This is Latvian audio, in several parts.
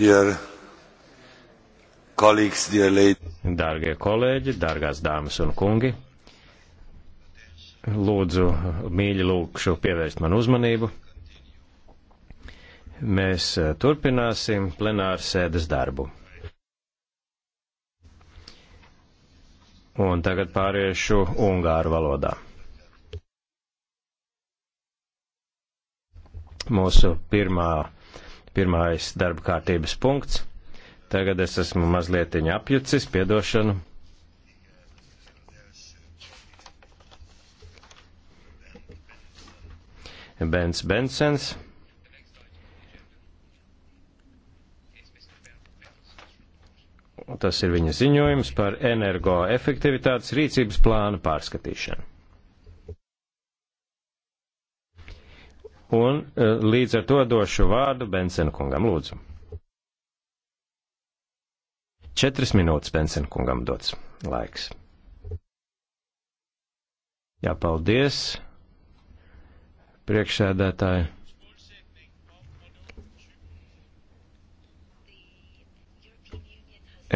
Dear colleagues, dear ladies. Dārgie kolēģi, dārgās dāmas un kungi, lūdzu, mīļi lūkšu pievērst man uzmanību. Mēs eh, turpināsim plenāru sēdes darbu. Un tagad pāriešu ungāru valodā. Mūsu pirmā Pirmais darba kārtības punkts. Tagad es esmu mazliet apjucis, piedošanu. Bens Bensens. Tas ir viņa ziņojums par energoefektivitātes rīcības plānu pārskatīšanu. Un e, līdz ar to došu vārdu Bensena kungam, lūdzu. Četras minūtes Bensena kungam dots laiks. Jā, paldies, priekšsēdētāji.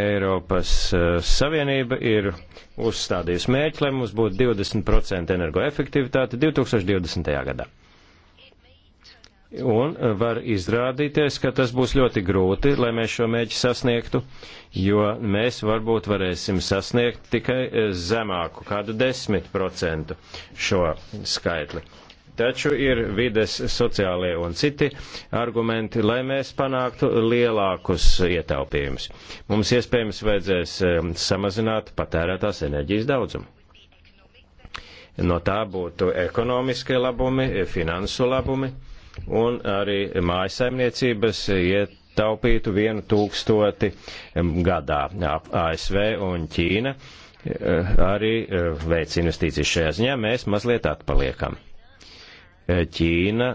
Eiropas e, Savienība ir uzstādījusi mērķi, lai mums būtu 20% energoefektivitāte 2020. gadā un e, var izrādīties, ka tas būs ļoti grūti, lai mēs šo mēģi sasniegtu, jo mēs varbūt varēsim sasniegt tikai e, zemāku, kādu 10% šo skaitli. Taču ir vides sociālie un citi argumenti, lai mēs panāktu lielākus ietaupījumus. Mums iespējams vajadzēs e, samazināt patērētās enerģijas daudzumu. No tā būtu ekonomiskie labumi, finansu labumi un arī mājasaimniecības iet taupītu vienu tūkstoti gadā. ASV un Ķīna eh, arī eh, veic investīcijas šajā ziņā, mēs mazliet atpaliekam. Eh, Ķīna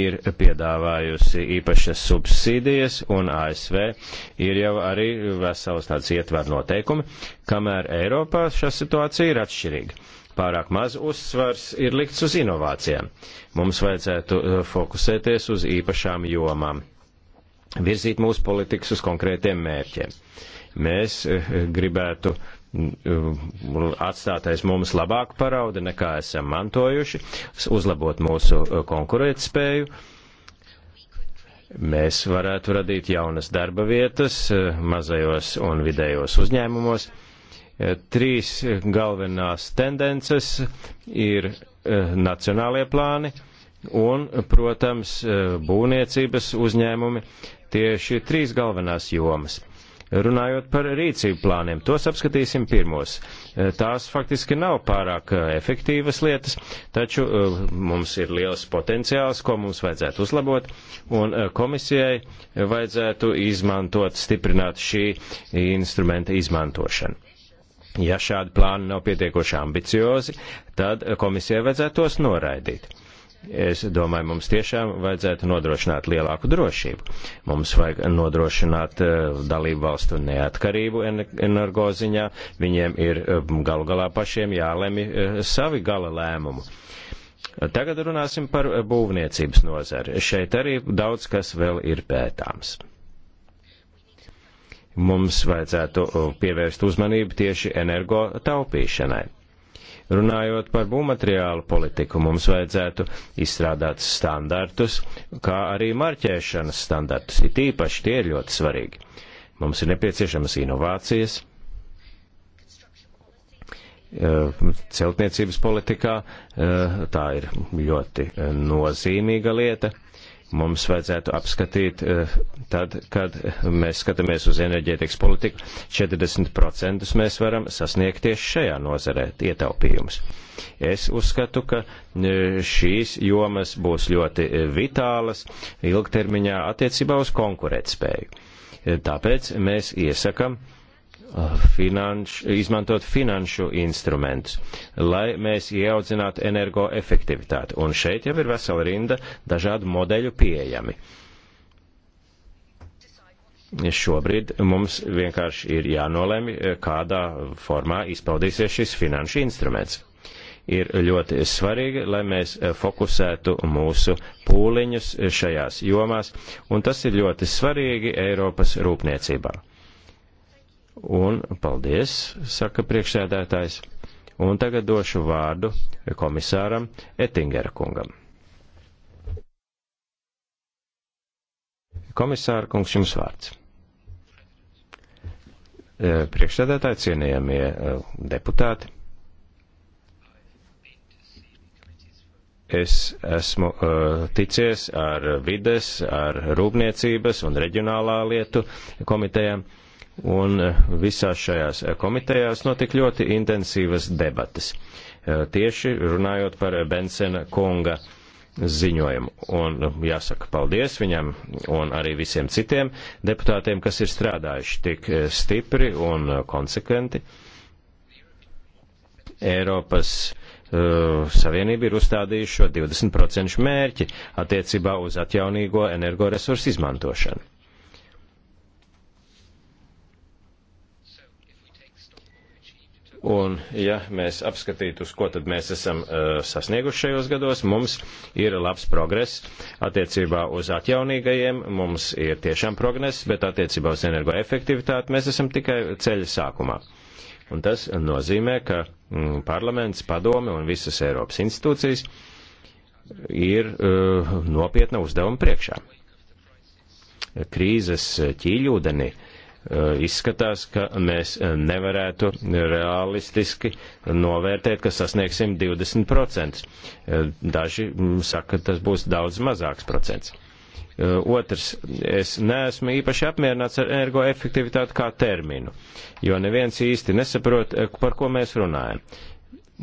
ir piedāvājusi īpašas subsīdijas, un ASV ir jau arī vesels tāds ietver noteikumi, kamēr Eiropā šā situācija ir atšķirīga. Pārāk maz uzsvars ir likts uz inovācijām. Mums vajadzētu eh, fokusēties uz īpašām jomām, virzīt mūsu politikas uz konkrētiem mērķiem. Mēs eh, gribētu mm, eh, atstātais mums labāku paraudu nekā esam mantojuši, uzlabot mūsu konkurētspēju. Mēs varētu radīt jaunas darba vietas mazajos un vidējos uzņēmumos Trīs galvenās tendences ir e, nacionālie plāni un, protams, e, būvniecības uzņēmumi. Tieši trīs galvenās jomas. Runājot par rīcību plāniem, tos apskatīsim pirmos. E, tās faktiski nav pārāk efektīvas lietas, taču mums ir liels potenciāls, ko mums vajadzētu uzlabot, un komisijai vajadzētu izmantot, stiprināt šī instrumenta izmantošanu. Ja šādi plāni nav pietiekoši ambiciozi, tad komisijai vajadzētu tos noraidīt. Es domāju, mums tiešām vajadzētu nodrošināt lielāku drošību. Mums vajag nodrošināt eh, dalību valstu neatkarību energoziņā. Viņiem ir eh, galu galā pašiem jālemi eh, savi gala lēmumu. Tagad runāsim par būvniecības nozari. Šeit arī daudz kas vēl ir pētāms mums vajadzētu pievērst uzmanību tieši energo taupīšanai. Runājot par būvmateriālu politiku, mums vajadzētu izstrādāt standartus, kā arī marķēšanas standartus, it īpaši tie ir ļoti svarīgi. Mums ir nepieciešamas inovācijas, e, celtniecības politikā, e, tā ir ļoti e, nozīmīga lieta mums vajadzētu apskatīt, eh, tad, kad mēs skatāmies uz enerģētikas politiku, 40% mēs varam sasniegt tieši šajā nozarē ietaupījumus. Es uzskatu, ka eh, šīs jomas būs ļoti eh, vitālas ilgtermiņā attiecībā uz konkurētspēju. Tāpēc mēs iesakam Uh, finanš, izmantot finanšu instrumentus, lai mēs ieaudzinātu energoefektivitāti. Un šeit jau ir vesela rinda dažādu modeļu pieejami. Šobrīd mums vienkārši ir jānolēmi, eh, kādā formā izpaudīsies šis finanšu instruments. Ir ļoti svarīgi, lai mēs eh, fokusētu mūsu pūliņus eh, šajās jomās, un tas ir ļoti svarīgi Eiropas rūpniecībā Un paldies, saka priekšsēdētājs. Un tagad došu vārdu komisāram Ettingera kungam. Komisāra kungs jums vārds. E, priekšsēdētāji, cienījamie e, deputāti. es esmu uh, ticies ar vides, ar rūpniecības un reģionālā lietu komitejām. Uh, un e, visās šajās e, komitejās notika ļoti intensīvas debates, e, tieši runājot par Bensena kunga ziņojumu. Un nu, jāsaka paldies viņam un arī visiem citiem deputātiem, kas ir strādājuši tik stipri un konsekventi. Eiropas Savienība ir uzstādījuši šo 20% mērķi attiecībā uz atjaunīgo energoresursu izmantošanu Un, ja mēs apskatītu, uz ko tad mēs esam uh, sasnieguši šajos gados, mums ir labs progress attiecībā uz atjaunīgajiem, mums ir tiešām progress, bet attiecībā uz energoefektivitāti mēs esam tikai ceļa sākumā. Un tas nozīmē, ka mm, parlaments, padome un visas Eiropas institūcijas ir uh, nopietna uzdevuma priekšā. Krīzes ķīļūdeni uh, Eh, izskatās, ka mēs eh, nevarētu realistiski novērtēt, ka sasniegsim 20%. Eh, daži mm, saka, ka tas būs daudz mazāks procents. Otrs, es neesmu īpaši apmierināts ar energoefektivitāti kā terminu, jo neviens īsti nesaprot, par ko mēs runājam.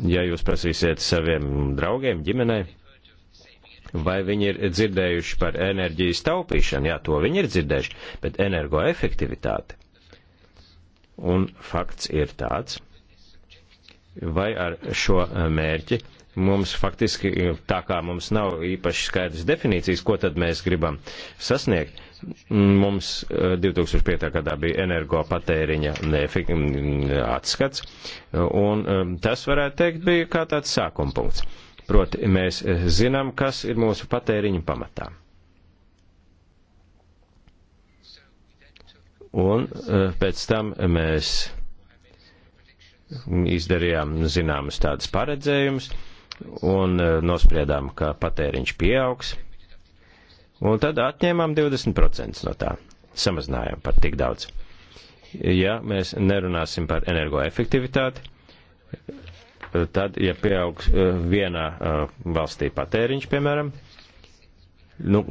Ja jūs prasīsiet saviem draugiem, ģimenei, Vai viņi ir dzirdējuši par enerģijas taupīšanu? Jā, to viņi ir dzirdējuši, bet energoefektivitāte. Un fakts ir tāds, vai ar šo eh, mērķi mums faktiski, tā kā mums nav īpaši skaidrs definīcijas, ko tad mēs gribam sasniegt, mums 2005. Eh, gadā bija energo patēriņa atskats, un eh, tas varētu teikt bija kā tāds sākuma punkts. Proti, mēs eh, zinām, kas ir mūsu patēriņa pamatā. Un eh, pēc tam mēs izdarījām zināmas tādas paredzējumus un eh, nospriedām, ka patēriņš pieaugs. Un tad atņēmām 20% no tā. Samazinājām par tik daudz. Ja mēs nerunāsim par energoefektivitāti, tad, ja pieaug eh, vienā eh, valstī patēriņš, piemēram, nu,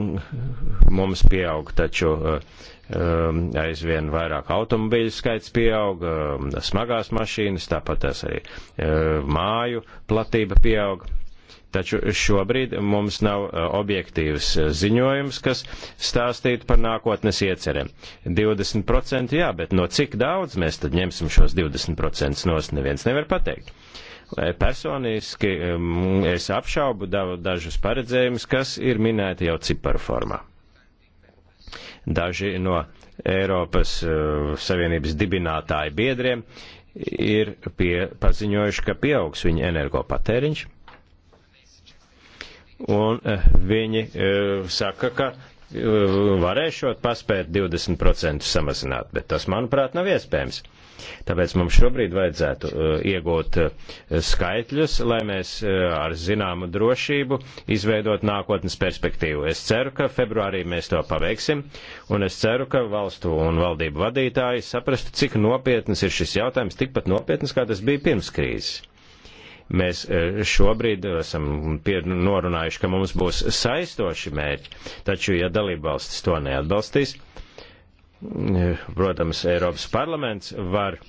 mums pieaug taču eh, aizvien vairāk automobīļu skaits pieaug, smagās mašīnas, tāpat tas arī māju platība pieaug. Taču šobrīd mums nav objektīvs ziņojums, kas stāstītu par nākotnes iecerēm. 20% jā, bet no cik daudz mēs tad ņemsim šos 20% nost, neviens nevar pateikt. Personiski es apšaubu dažus paredzējumus, kas ir minēti jau ciparu formā. Daži no Eiropas eh, Savienības dibinātāju biedriem ir pie, paziņojuši, ka pieaugs viņa energopatēriņš. Un eh, viņi eh, saka, ka varēšot paspēt 20% samazināt, bet tas, manuprāt, nav iespējams. Tāpēc mums šobrīd vajadzētu uh, iegūt uh, skaitļus, lai mēs uh, ar zināmu drošību izveidot nākotnes perspektīvu. Es ceru, ka februārī mēs to paveiksim, un es ceru, ka valstu un valdību vadītāji saprastu, cik nopietnas ir šis jautājums, tikpat nopietnas, kā tas bija pirms krīzes. Mēs šobrīd esam norunājuši, ka mums būs saistoši mērķi, taču, ja dalībvalstis to neatbalstīs, Eh, protams, Eiropas parlaments var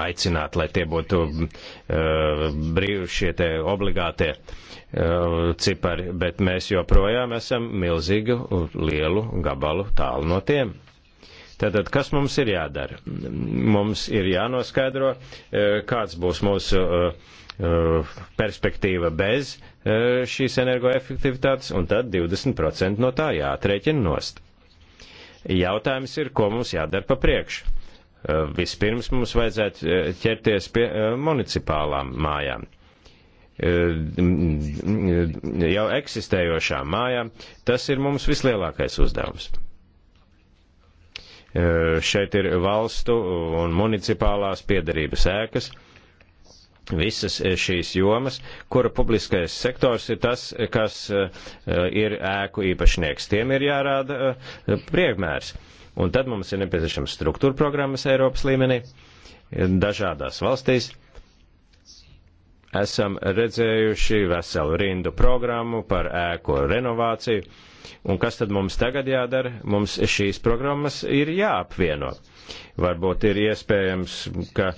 aicināt, lai tie būtu uh, brīvi šie te obligātie uh, cipari, bet mēs joprojām esam milzīgu lielu gabalu tālu no tiem. Tātad, kas mums ir jādara? Mums ir jānoskaidro, kāds būs mūsu perspektīva bez šīs energoefektivitātes, un tad 20% no tā jāatrēķina nost. Jautājums ir, ko mums jādara pa priekšu. Vispirms mums vajadzētu ķerties pie municipālām mājām jau eksistējošām mājām, tas ir mums vislielākais uzdevums. Šeit ir valstu un municipālās piedarības ēkas, visas eh, šīs jomas, kura publiskais sektors ir tas, eh, kas eh, ir ēku īpašnieks. Tiem ir jārāda priekmērs. Un tad mums ir nepieciešams struktūra programmas Eiropas līmenī, dažādās valstīs. Esam redzējuši veselu rindu programmu par ēku renovāciju. Un kas tad mums tagad jādara? Mums šīs programmas ir jāapvieno. Varbūt ir iespējams, ka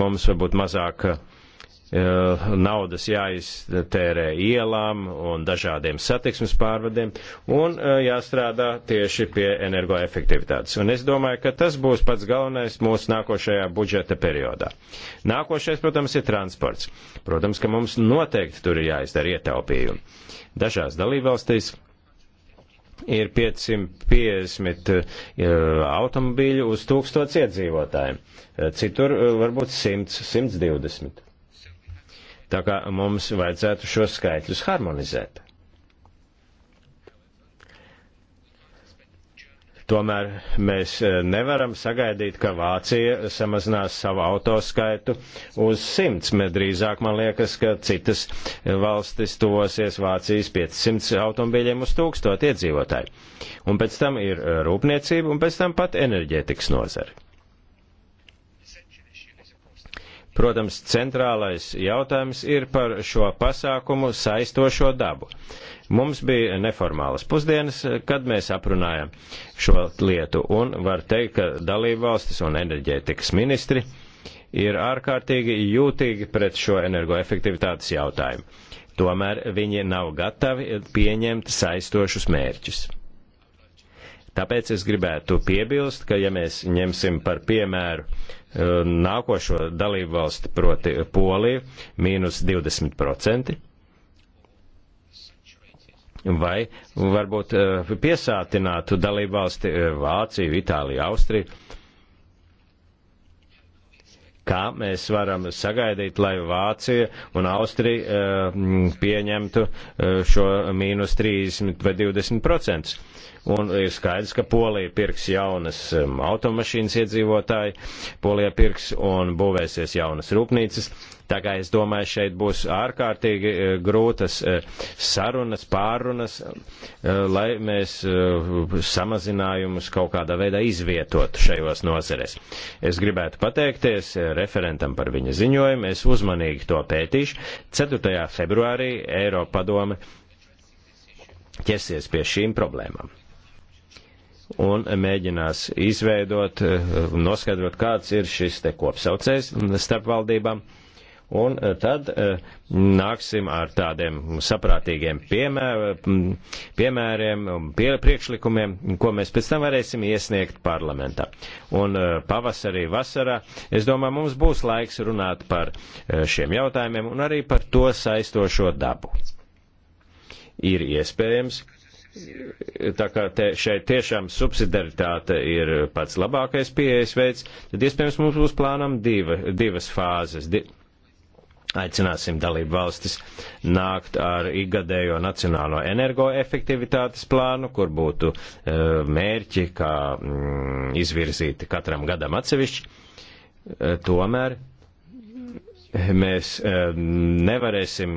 mums varbūt mazāk uh, Eh, naudas jāiztērē ielām un dažādiem satiksmes pārvadiem un eh, jāstrādā tieši pie energoefektivitātes. Un es domāju, ka tas būs pats galvenais mūsu nākošajā budžeta periodā. Nākošais, protams, ir transports. Protams, ka mums noteikti tur ir jāizdara ietaupījumi. Dažās dalībvalstīs ir 550 uh, eh, automobīļu uz 1000 iedzīvotājiem, citur uh, varbūt 100, 120. Tā kā mums vajadzētu šos skaitļus harmonizēt. Tomēr mēs e, nevaram sagaidīt, ka Vācija samazinās savu autoskaitu uz simts. Drīzāk man liekas, ka citas valstis tuvosies Vācijas 500 automobīļiem uz tūkstot iedzīvotāju. Un pēc tam ir rūpniecība un pēc tam pat enerģētikas nozari. Protams, centrālais jautājums ir par šo pasākumu saistošo dabu. Mums bija neformālas pusdienas, kad mēs aprunājam šo lietu, un var teikt, ka dalībvalstis un enerģētikas ministri ir ārkārtīgi jūtīgi pret šo energoefektivitātes jautājumu. Tomēr viņi nav gatavi pieņemt saistošus mērķus. Tāpēc es gribētu piebilst, ka ja mēs ņemsim par piemēru Eh, nākošo dalību valsti, proti Poliju, mīnus 20%. Vai varbūt eh, piesātinātu dalību valsti eh, Vāciju, Itāliju, Austriju. Kā mēs varam sagaidīt, lai Vācija un Austrija pieņemtu šo mīnus 30 vai 20 procentus? un ir skaidrs, ka Polija pirks jaunas um, automašīnas iedzīvotāji, Polija pirks un būvēsies jaunas rūpnīcas. Tā kā es domāju, šeit būs ārkārtīgi uh, grūtas uh, sarunas, pārunas, uh, lai mēs samazinājumus kaut kādā veidā izvietotu šajos nozerēs. Es gribētu pateikties referentam par viņa ziņojumu, es uzmanīgi to pētīšu. 4. februārī Eiropa padome ķersies pie šīm problēmām un mēģinās izveidot, eh, noskaidrot, kāds ir šis te kopsaucējs starp valdībām. Un eh, tad eh, nāksim ar tādiem saprātīgiem piemēr, piemēriem, pie, priekšlikumiem, ko mēs pēc tam varēsim iesniegt parlamentā. Un pavasarī, vasarā, es domāju, mums būs laiks runāt par šiem jautājumiem un arī par to saistošo dabu. Ir iespējams, tā kā te, šeit tiešām subsidaritāte ir pats labākais pieejas veids, tad iespējams mums būs plānam diva, divas fāzes. Di Aicināsim dalību valstis nākt ar igadējo nacionālo energoefektivitātes plānu, kur būtu e, mērķi, kā mm, izvirzīti katram gadam atsevišķi. E, tomēr mēs eh, nevarēsim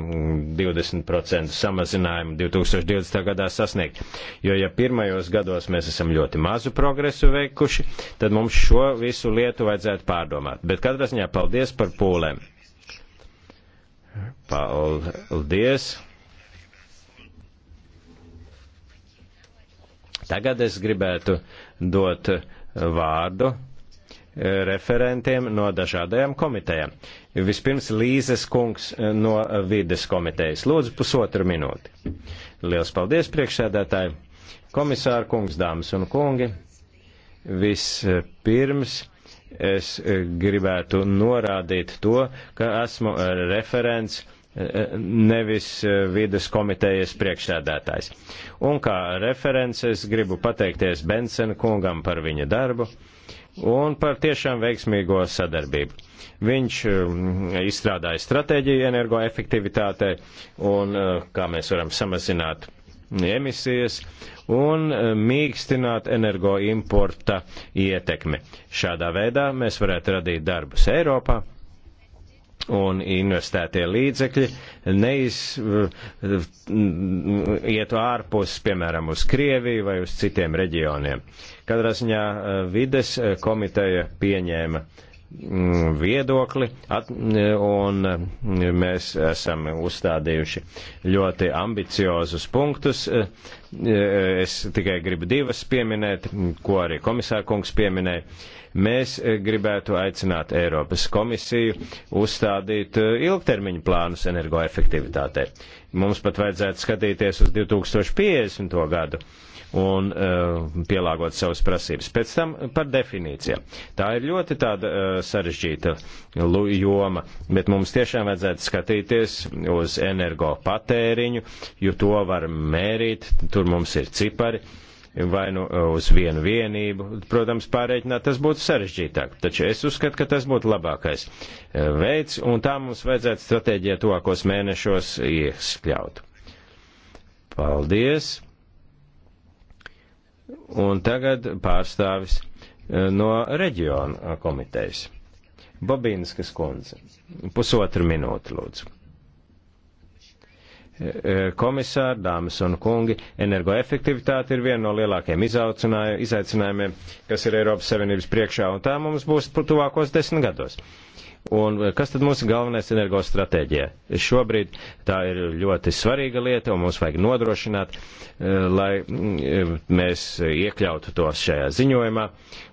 20% samazinājumu 2020. gadā sasniegt. Jo ja pirmajos gados mēs esam ļoti mazu progresu veikuši, tad mums šo visu lietu vajadzētu pārdomāt. Bet katrā ziņā paldies par pūlēm. Paldies. Tagad es gribētu dot vārdu referentiem no dažādajām komitejām. Vispirms Līzes kungs eh, no vides komitejas. Lūdzu, pusotru minūti. Liels paldies, priekšsēdētāji, komisāra kungs, dāmas un kungi. Vispirms es eh, gribētu norādīt to, ka esmu eh, referents nevis vides komitejas priekšsēdētājs. Un kā references gribu pateikties Bensena kungam par viņa darbu un par tiešām veiksmīgo sadarbību. Viņš um, izstrādāja stratēģiju energoefektivitātei un uh, kā mēs varam samazināt emisijas un uh, mīkstināt energoimporta ietekmi. Šādā veidā mēs varētu radīt darbus Eiropā un investētie līdzekļi neietu ārpus, piemēram, uz Krieviju vai uz citiem reģioniem. Katrā ziņā eh, vides eh, komiteja pieņēma mm, viedokli, at, un eh, mēs esam uzstādījuši ļoti ambiciozus punktus. Es tikai gribu divas pieminēt, ko arī komisārkungs pieminēja Mēs eh, gribētu aicināt Eiropas komisiju uzstādīt eh, ilgtermiņu plānus energoefektivitātei. Mums pat vajadzētu skatīties uz 2050. gadu un uh, pielāgot savas prasības. Pēc tam par definīcijām. Tā ir ļoti tāda uh, sarežģīta joma, bet mums tiešām vajadzētu skatīties uz energo patēriņu, jo to var mērīt, tur mums ir cipari. Uh, vai nu e, uz vienu vienību. Protams, pārreikināt tas būtu sarežģītāk, taču es uzskatu, ka tas būtu labākais e, veids, un tā mums vajadzētu stratēģijā tuvākos mēnešos iekļaut. Paldies! Un tagad pārstāvis e, no reģiona komitejas. Babīnskas kundze. Pusotru minūti, lūdzu. E, e, komisāri, dāmas un kungi, energoefektivitāte ir viena no lielākajiem izaicinājumiem, kas ir Eiropas Savienības priekšā, un tā mums būs tuvākos desmit gados. Un e, kas tad mūsu galvenais energostratēģija? Šobrīd tā ir ļoti svarīga lieta, un mums vajag nodrošināt, lai mēs iekļautu tos šajā ziņojumā,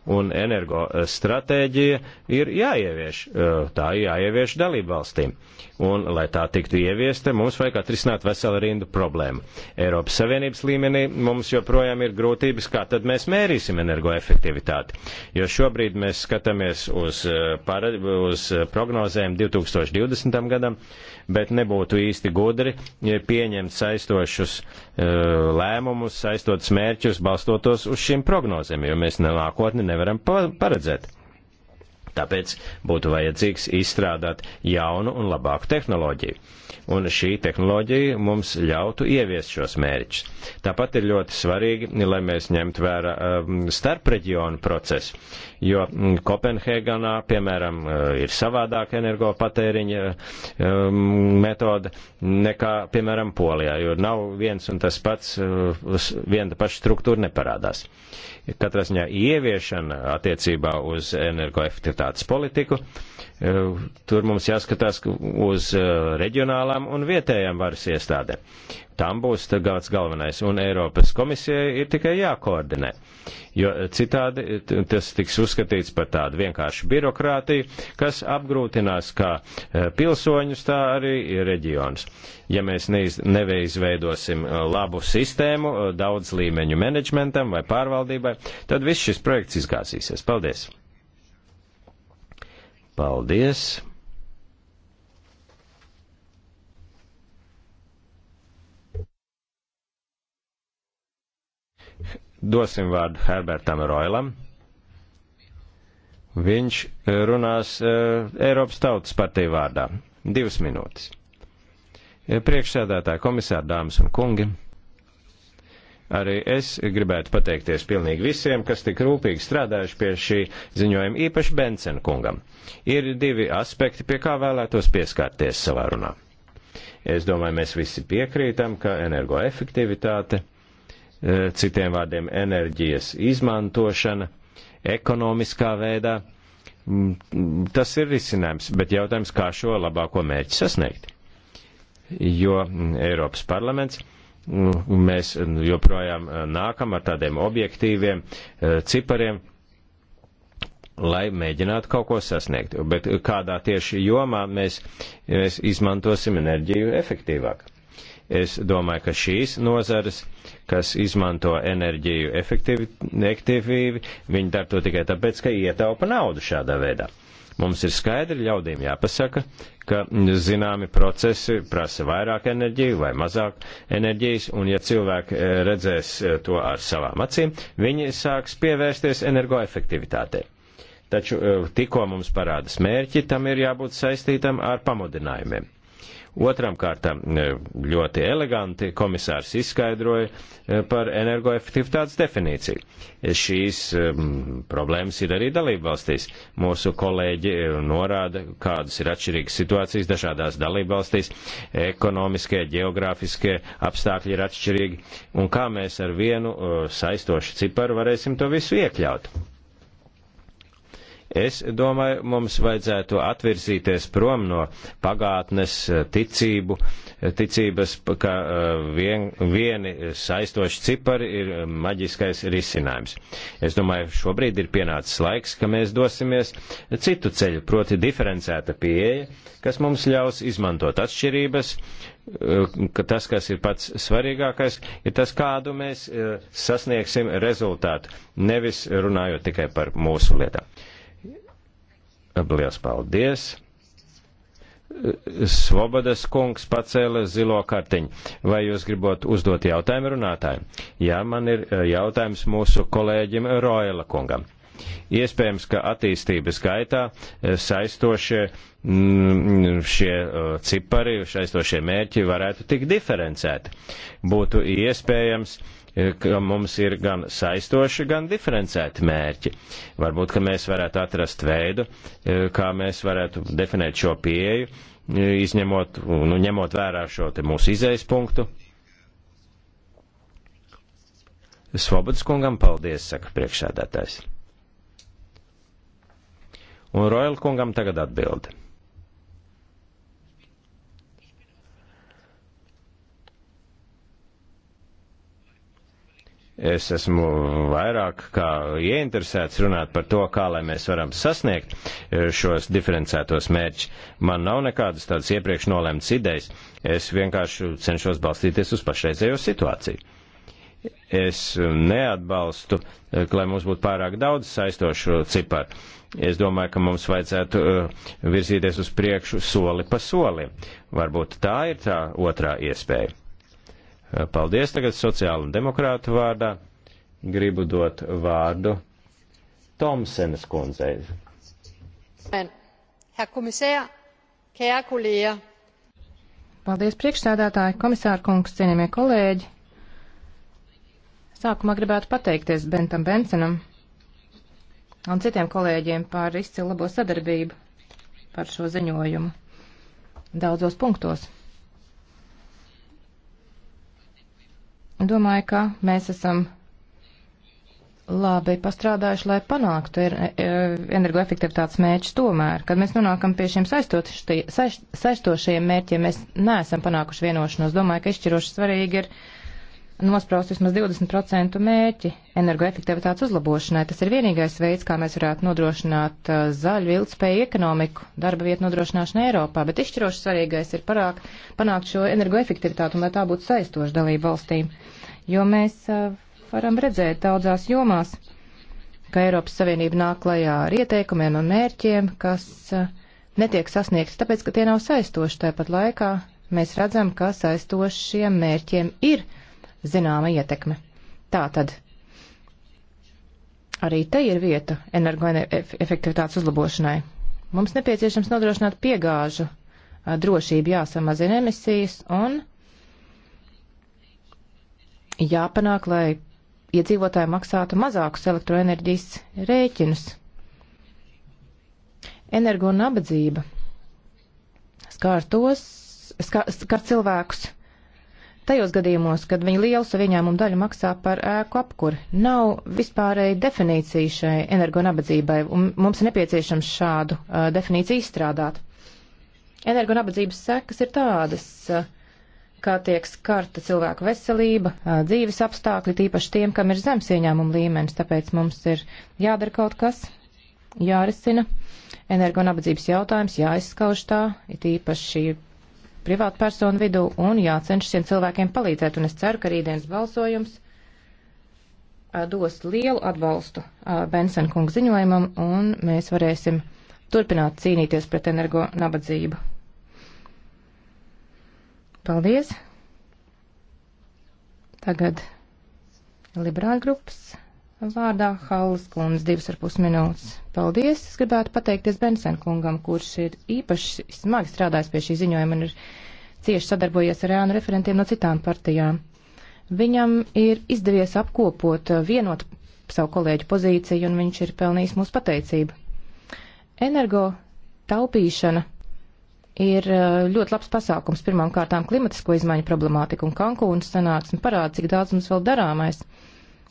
un energostratēģija eh, ir jāievieš. Eh, tā ir jāievieš dalību valstīm. Un, lai tā tiktu ieviesta, mums vajag atrisināt veselu rindu problēmu. Eiropas Savienības līmenī mums joprojām ir grūtības, kā tad mēs mērīsim energoefektivitāti. Jo šobrīd mēs skatāmies uz, eh, parad, uz prognozēm 2020. gadam, bet nebūtu īsti gudri pieņemt saistošus lēmumus, saistot smērķus, balstotos uz šīm prognozēm, jo mēs nākotni nevaram nevaram paredzēt. Tāpēc būtu vajadzīgs izstrādāt jaunu un labāku tehnoloģiju. Un šī tehnoloģija mums ļautu ieviest šos mērķus. Tāpat ir ļoti svarīgi, lai mēs ņemtu vērā um, starpreģionu procesu, jo mm, Kopenhēganā, piemēram, eh, ir savādāk energopatēriņa eh, mm, metoda nekā, piemēram, Polijā, jo nav viens un tas pats, eh, viena paša struktūra neparādās. Katrā ziņā ieviešana attiecībā uz energoefektivitātes politiku Eh, tur mums jāskatās uz eh, reģionālām un vietējām varas iestādēm. Tam būs gāds galvenais, un Eiropas komisijai ir tikai jākoordinē, jo eh, citādi tas tiks uzskatīts par tādu vienkāršu birokrātiju, kas apgrūtinās kā pilsoņus, tā arī reģionus. Ja mēs neveizveidosim labu sistēmu daudz līmeņu menedžmentam vai pārvaldībai, tad viss šis projekts izgāzīsies. Paldies! Paldies! Dosim vārdu Herbertam Roilam. Viņš eh, runās uh, Eiropas Tautas partiju vārdā. Divas minūtes. Eh, priekšsēdētāji, komisāri, dāmas un kungi. Arī es gribētu pateikties pilnīgi visiem, kas tik rūpīgi strādājuši pie šī ziņojuma, īpaši Bensen kungam. Ir divi aspekti, pie kā vēlētos pieskarties savā runā. Es domāju, mēs visi piekrītam, ka energoefektivitāte, eh, citiem vārdiem enerģijas izmantošana, ekonomiskā veidā, mm, tas ir risinājums, bet jautājums, kā šo labāko mērķi sasniegt. Jo mm, Eiropas parlaments Nu, mēs eh, joprojām eh, nākam ar tādiem objektīviem eh, cipariem, lai mēģinātu kaut ko sasniegt. Bet kādā tieši jomā mēs, mēs izmantosim enerģiju efektīvāk. Es domāju, ka šīs nozares, kas izmanto enerģiju efektīvi, viņi dar to tikai tāpēc, ka ietaupa naudu šādā veidā. Uh, Mums ir skaidri ļaudīm jāpasaka, ka zināmi procesi prasa vairāk enerģiju vai mazāk enerģijas, un ja cilvēki eh, redzēs eh, to ar savām acīm, viņi sāks pievērsties energoefektivitātei. Taču eh, tikko mums parādas mērķi, tam ir jābūt saistītam ar pamudinājumiem. Otram kārtam e, ļoti eleganti komisārs izskaidroja e, par energoefektivitātes definīciju. E, šīs problēmas ir arī dalībvalstīs. Mūsu kolēģi norāda, kādas ir atšķirīgas situācijas dažādās dalībvalstīs, ekonomiskie, geogrāfiskie apstākļi ir atšķirīgi, un kā mēs ar vienu saistošu ciparu varēsim to visu iekļaut. Es domāju, mums vajadzētu atvirzīties prom no pagātnes eh, ticību, eh, ticības, ka eh, vien, vieni saistoši cipari ir maģiskais risinājums. Es domāju, šobrīd ir pienācis laiks, ka mēs dosimies citu ceļu, proti diferencēta pieeja, kas mums ļaus izmantot atšķirības, ka tas, kas ir pats svarīgākais, ir tas, kādu mēs sasniegsim rezultātu, nevis runājot tikai par mūsu lietām. Liels paldies! Svobodas kungs pacēla zilo kartiņu. Vai jūs gribot uzdot jautājumu runātājiem? Jā, man ir eh, jautājums mūsu kolēģim Roila kungam. Iespējams, ka attīstības gaitā eh, saistošie mm, šie eh, cipari, saistošie mērķi varētu tik diferencēti. Būtu iespējams E, ka mums ir gan saistoši, gan diferencēti mērķi. Varbūt, ka mēs varētu atrast veidu, e, kā mēs varētu definēt šo pieeju, e, izņemot, nu, ņemot vērā šo te mūsu izējas punktu. Svobodas kungam paldies, saka priekšsēdētājs. Un Royal kungam tagad atbildi. Es esmu vairāk kā ieinteresēts runāt par to, kā lai mēs varam sasniegt e, šos diferencētos mērķus. Man nav nekādas tādas iepriekš nolēmtas idejas. Es vienkārši cenšos balstīties uz pašreizējo situāciju es neatbalstu, e, lai mums būtu pārāk daudz saistošu ciparu. Es domāju, ka mums vajadzētu e, virzīties uz priekšu soli pa solim. Varbūt tā ir tā otrā iespēja. Eh, paldies tagad sociālu un demokrātu vārdā. Gribu dot vārdu Tomsenes kundzei. Paldies priekšstādātāji, komisāra kungs, cienījamie kolēģi. Sākumā gribētu pateikties Bentam Bensenam un citiem kolēģiem par izcilu labo sadarbību par šo ziņojumu daudzos punktos. Domāju, ka mēs esam labi pastrādājuši, lai panāktu er, e, energoefektivitātes mērķus tomēr. Kad mēs nonākam pie šiem saistošajiem mērķiem, mēs neesam panākuši vienošanos. Domāju, ka izšķiroši svarīgi ir nospraust vismaz 20% mērķi energoefektivitātes uzlabošanai. Tas ir vienīgais veids, kā mēs varētu nodrošināt uh, zaļu, ilgspēju ekonomiku, darba vietu nodrošināšanu Eiropā, bet izšķiroši svarīgais ir parāk, panākt šo energoefektivitātu un lai tā būtu saistoša dalību valstīm, jo mēs uh, varam redzēt daudzās jomās, ka Eiropas Savienība nāk klajā ar ieteikumiem un mērķiem, kas uh, netiek sasniegti, tāpēc, ka tie nav saistoši. Tāpat laikā mēs redzam, ka saistošiem mērķiem ir zināma ietekme. Tātad arī te ir vieta energoefektivitātes uzlabošanai. Mums nepieciešams nodrošināt piegāžu drošību, jāsamazina emisijas un jāpanāk, lai iedzīvotāji maksātu mazākus elektroenerģijas rēķinus. Energo nabadzība skār tos, skar, skar cilvēkus tajos gadījumos, kad viņi lielu saviņēmumu daļu maksā par ēku apkuri. Nav vispārēji definīcija šai energonabadzībai, un mums ir nepieciešams šādu uh, definīciju izstrādāt. Energonabadzības sekas ir tādas, uh, kā tiek skarta cilvēku veselība, uh, dzīves apstākļi, tīpaši tiem, kam ir zems ieņēmumu līmenis, tāpēc mums ir jādara kaut kas, jārisina energonabadzības jautājums, jāizskauž tā, it īpaši privātu personu vidū un jācenšas šiem cilvēkiem palīdzēt. Un es ceru, ka rītdienas balsojums dos lielu atbalstu Bensena kungu ziņojumam un mēs varēsim turpināt cīnīties pret energo nabadzību. Paldies! Tagad liberāļu grupas Vārdā Hallas kundze, divas ar pus minūtes. Paldies! Es gribētu pateikties Bensen kungam, kurš ir īpaši smagi strādājis pie šī ziņojuma un ir cieši sadarbojies ar ēnu referentiem no citām partijām. Viņam ir izdevies apkopot uh, vienot savu kolēģu pozīciju un viņš ir pelnījis mūsu pateicību. Energo taupīšana ir uh, ļoti labs pasākums pirmām kārtām klimatisko izmaiņu problemātika un Kankūnas sanāksme parāda, cik daudz mums vēl darāmais.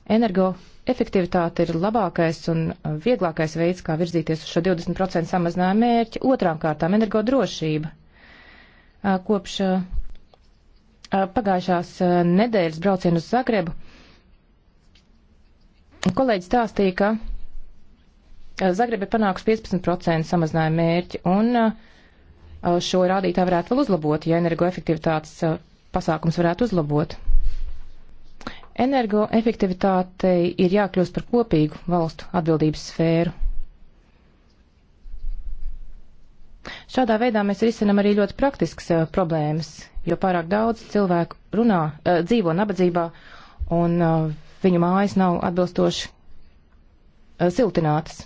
Energoefektivitāte ir labākais un uh, vieglākais veids, kā virzīties uz šo 20% samazinājumu mērķi. Otrām kārtām - energodrošība. Uh, kopš uh, pagājušās nedēļas braucienu uz Zagrebu kolēģis stāstīja, ka Zagreba ir panākusi 15% samazinājumu mērķi un šo rādītāju varētu vēl uzlabot, ja energoefektivitātes pasākums varētu uzlabot. Energoefektivitātei ir jākļūst par kopīgu valstu atbildības sfēru. Šādā veidā mēs risinam arī ļoti praktiskas uh, problēmas, jo pārāk daudz cilvēku runā, uh, dzīvo nabadzībā un uh, viņu mājas nav atbilstoši siltinātas.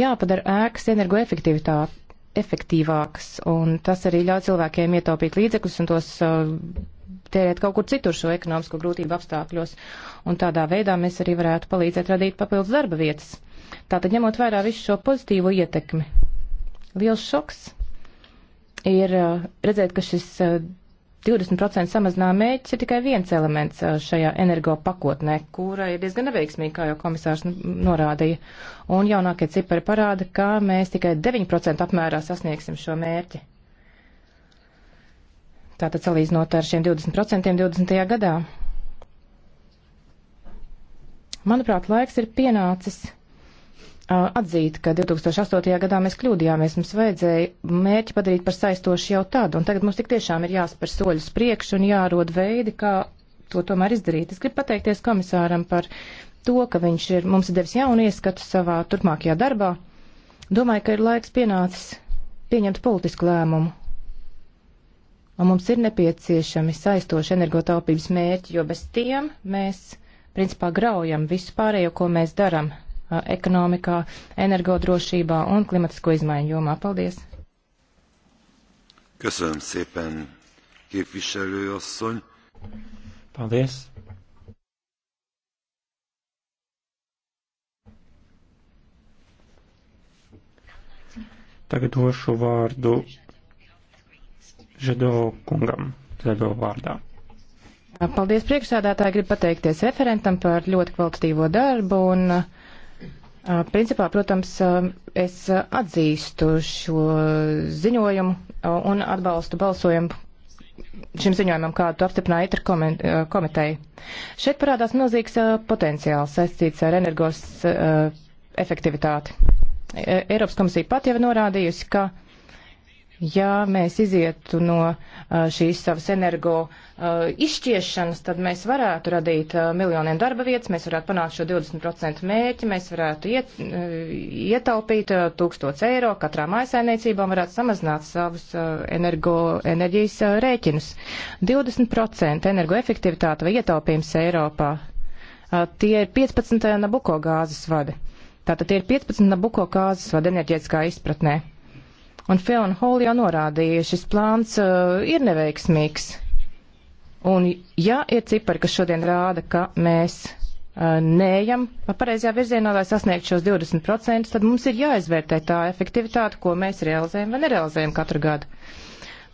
Jāpadara ēkas energoefektivitātes efektīvākas, un tas arī ļauj cilvēkiem ietaupīt līdzekļus un tos tērēt kaut kur citur šo ekonomisko grūtību apstākļos. Un tādā veidā mēs arī varētu palīdzēt radīt papildus darba vietas. Tātad ņemot vērā visu šo pozitīvo ietekmi. Liels šoks ir redzēt, ka šis 20% samazinājuma mērķis ir tikai viens elements šajā energo pakotnē, kura ir diezgan neveiksmīga, kā jau komisārs norādīja. Un jaunākie cipari parāda, ka mēs tikai 9% apmērā sasniegsim šo mērķi. Tātad salīdzinot ar šiem 20% 20. gadā. Manuprāt, laiks ir pienācis uh, atzīt, ka 2008. gadā mēs kļūdījāmies, mums vajadzēja mērķi padarīt par saistošu jau tad, un tagad mums tik tiešām ir jāspēr soļus priekš un jārod veidi, kā to tomēr izdarīt. Es gribu pateikties komisāram par to, ka viņš ir mums ir devis jaunu ieskatu savā turpmākajā darbā. Domāju, ka ir laiks pienācis pieņemt politisku lēmumu un mums ir nepieciešami saistoši energotaupības mērķi, jo bez tiem mēs principā graujam visu pārējo, ko mēs daram ekonomikā, energodrošībā un klimatisko izmaiņu jomā. Paldies! Köszönöm szépen, képviselő asszony! Paldies! Tagad došu vārdu Žado kungam, Žado vārdā. Paldies priekšsēdētāji, gribu pateikties referentam par ļoti kvalitatīvo darbu un principā, protams, es atzīstu šo ziņojumu un atbalstu balsojumu šim ziņojumam, kādu apstiprināja ITR komiteja. Šeit parādās milzīgs potenciāls saistīts ar energos efektivitāti. E, Eiropas komisija pat jau norādījusi, ka ja mēs izietu no uh, šīs savas energo uh, izšķiešanas, tad mēs varētu radīt uh, miljoniem darba vietas, mēs varētu panākt šo 20% mērķi, mēs varētu iet, ietaupīt tūkstots eiro, katrā mājasēmniecībā varētu samazināt savus energo, enerģijas rēķinus. 20% energoefektivitāte vai ietaupījums Eiropā. Tie ir 15 Nabuko gāzes vadi. Tātad tie ir 15 Nabuko gāzes vadi enerģētiskā izpratnē. Un Fiona Hall jau norādīja, šis plāns uh, ir neveiksmīgs. Un ja ir cipari, kas šodien rāda, ka mēs uh, neejam pareizajā virzienā, lai sasniegtu šos 20%, tad mums ir jāizvērtē tā efektivitāte, ko mēs realizējam vai nerealizējam katru gadu.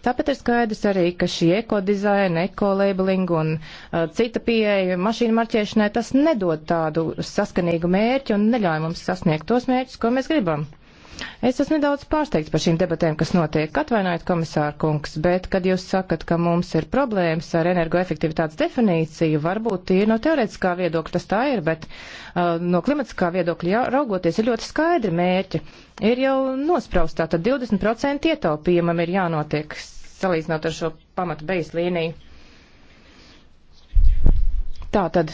Tāpēc ir skaidrs arī, ka šī ekodizaina, ekolabeling un uh, cita pieeja mašīnu marķēšanai tas nedod tādu saskanīgu mērķi un neļauj mums sasniegt tos mērķus, ko mēs gribam. Es esmu nedaudz pārsteigts par šīm debatēm, kas notiek. Atvainojiet, komisāra kungs, bet, kad jūs sakat, ka mums ir problēmas ar energoefektivitātes definīciju, varbūt ir no teorētiskā viedokļa tas tā ir, bet uh, no klimatiskā viedokļa jā, raugoties ir ļoti skaidri mērķi. Ir jau nospraustā, tad 20% ietaupījumam ir jānotiek salīdzinot ar šo pamatu beidzlīniju. Tā tad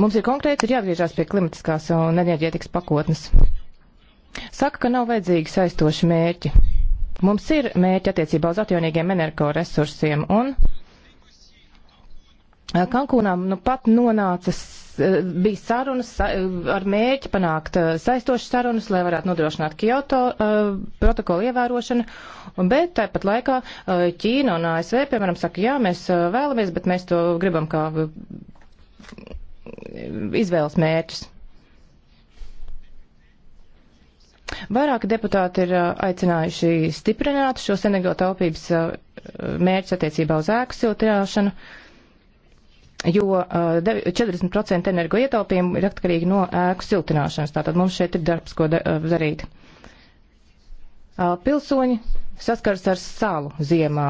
mums ir konkrēti, ir jāatgriežās pie klimatiskās un enerģētikas pakotnes. Saka, ka nav vajadzīgi saistoši mērķi. Mums ir mērķi attiecībā uz atjaunīgiem energoresursiem, un eh, Kankūnā nu pat nonācis, eh, bija sarunas eh, ar mērķi panākt saistošas sarunas, lai varētu nodrošināt Kyoto protokolu ievērošanu, bet tāpat laikā Ķīna un ASV, piemēram, saka, jā, mēs vēlamies, bet mēs to gribam kā izvēles mērķus. Vairāki deputāti ir uh, aicinājuši stiprināt šo Senegal taupības uh, mērķus attiecībā uz ēku siltināšanu, jo 40% uh, energo ietaupījumu ir atkarīgi no ēku siltināšanas. Tātad mums šeit ir darbs, ko darīt. Pilsoņi saskars ar salu ziemā,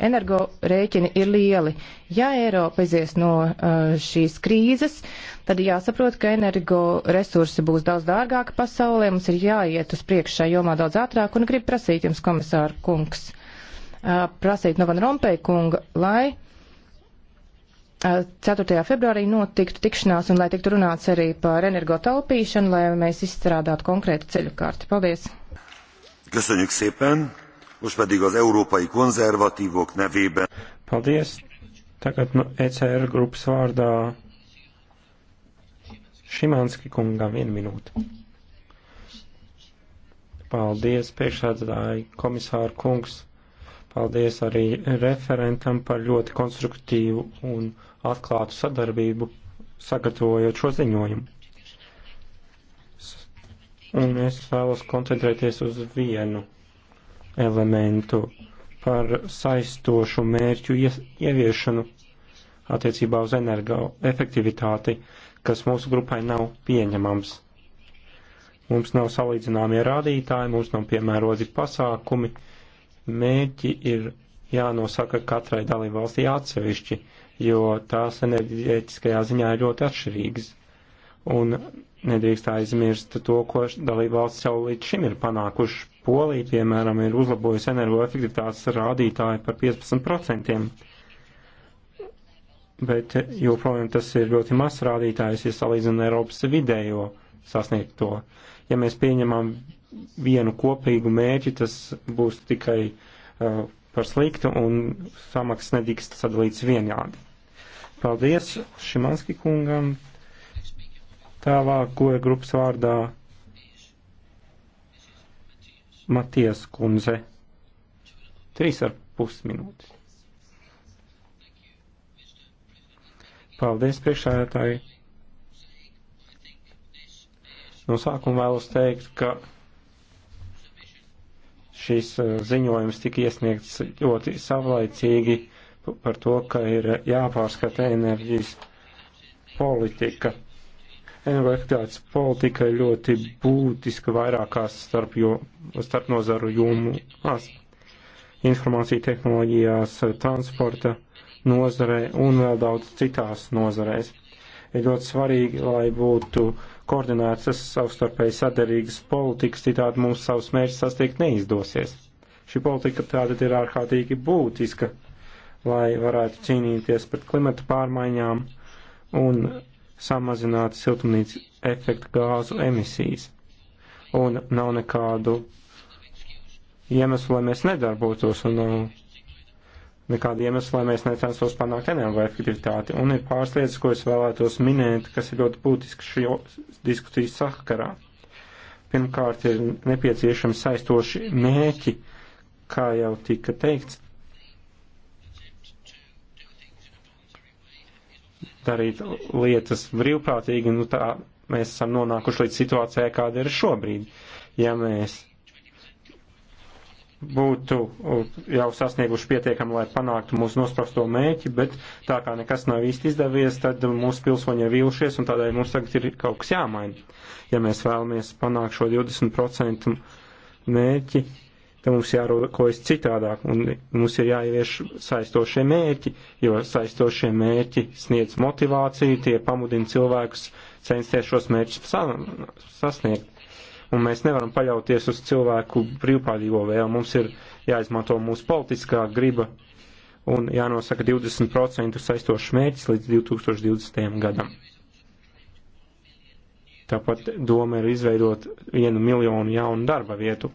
energo rēķini ir lieli. Ja Eiropa izies no uh, šīs krīzes, tad jāsaprot, ka energo resursi būs daudz dārgāki pasaulē, mums ir jāiet uz priekšu šajā jomā daudz ātrāk, un gribu prasīt jums, komisāra kungs, uh, prasīt no Van Rompēja kunga, lai. Uh, 4. februārī notiktu tikšanās un lai tiktu runāts arī par energo taupīšanu, lai mēs izstrādātu konkrētu ceļu kārti. Paldies! Köszönjük szépen! Most pedig az európai konzervatívok nevében. Paldies! Tagad no ECR grupas vārdā Šimanski kungam vienu minūti. Paldies, priekšsādātāji, komisāra kungs. Paldies arī referentam par ļoti konstruktīvu un atklātu sadarbību, sagatavojot šo ziņojumu. Un es vēlos koncentrēties uz vienu elementu par saistošu mērķu ieviešanu attiecībā uz energoefektivitāti, kas mūsu grupai nav pieņemams. Mums nav salīdzināmie rādītāji, mums nav piemēroti pasākumi, mērķi ir jānosaka katrai dalībvalstī atsevišķi, jo tās enerģētiskajā ziņā ir ļoti atšķirīgas. Un nedrīkst aizmirst to, ko dalībvalsts jau līdz šim ir panākuši Polija, piemēram, ir uzlabojusi energoefektivitātes rādītāju par 15%, bet joprojām tas ir ļoti mazs rādītājs, ja salīdzinām Eiropas vidējo sasniegto. Ja mēs pieņemam vienu kopīgu mērķi, tas būs tikai uh, par sliktu un samaksas nedrīkst sadalīts vienādi. Paldies Šimanski kungam. Tālāk, ko ir grupas vārdā Matijas kundze. Trīs ar pus minūtes. Paldies, priekšsēdētāji. No sākuma vēlos teikt, ka šis uh, ziņojums tika iesniegts ļoti savlaicīgi par to, ka ir jāpārskata enerģijas politika. Energoefektivitātes politika ir ļoti būtiska vairākās starp, jo, starp nozaru jomās - informācija tehnoloģijās, transporta nozarē un vēl daudz citās nozarēs. Ir ļoti svarīgi, lai būtu koordinētas savstarpēji sadarīgas politikas, citādi mums savus mērķus sasniegt neizdosies. Šī politika tātad ir ārkārtīgi būtiska, lai varētu cīnīties pret klimata pārmaiņām un samazināt siltumnīca efektu gāzu emisijas. Un nav nekādu iemeslu, lai mēs nedarbotos, un nav nekādu iemeslu, lai mēs necenstos panākt energoefektivitāti. Un ir pāris lietas, ko es vēlētos minēt, kas ir ļoti būtiski šī diskusijas sakarā. Pirmkārt, ir nepieciešami saistoši mērķi, kā jau tika teikts, darīt lietas brīvprātīgi, nu tā mēs esam nonākuši līdz situācijai, kāda ir šobrīd. Ja mēs būtu jau sasnieguši pietiekami, lai panāktu mūsu nosprosto mēķi, bet tā kā nekas nav īsti izdevies, tad mūsu pilsoņi ir vīlušies un tādēļ mums tagad ir kaut kas jāmaina. Ja mēs vēlamies panākt šo 20% mēķi, Te mums jārūkojas citādāk un mums ir jāievieš saistošie mērķi, jo saistošie mērķi sniedz motivāciju, tie pamudina cilvēkus censties šos mērķus sasniegt. Un mēs nevaram paļauties uz cilvēku brīvpāļīgo vēl. Mums ir jāizmanto mūsu politiskā griba un jānosaka 20% saistošs mērķis līdz 2020. gadam. Tāpat doma ir izveidot vienu miljonu jaunu darba vietu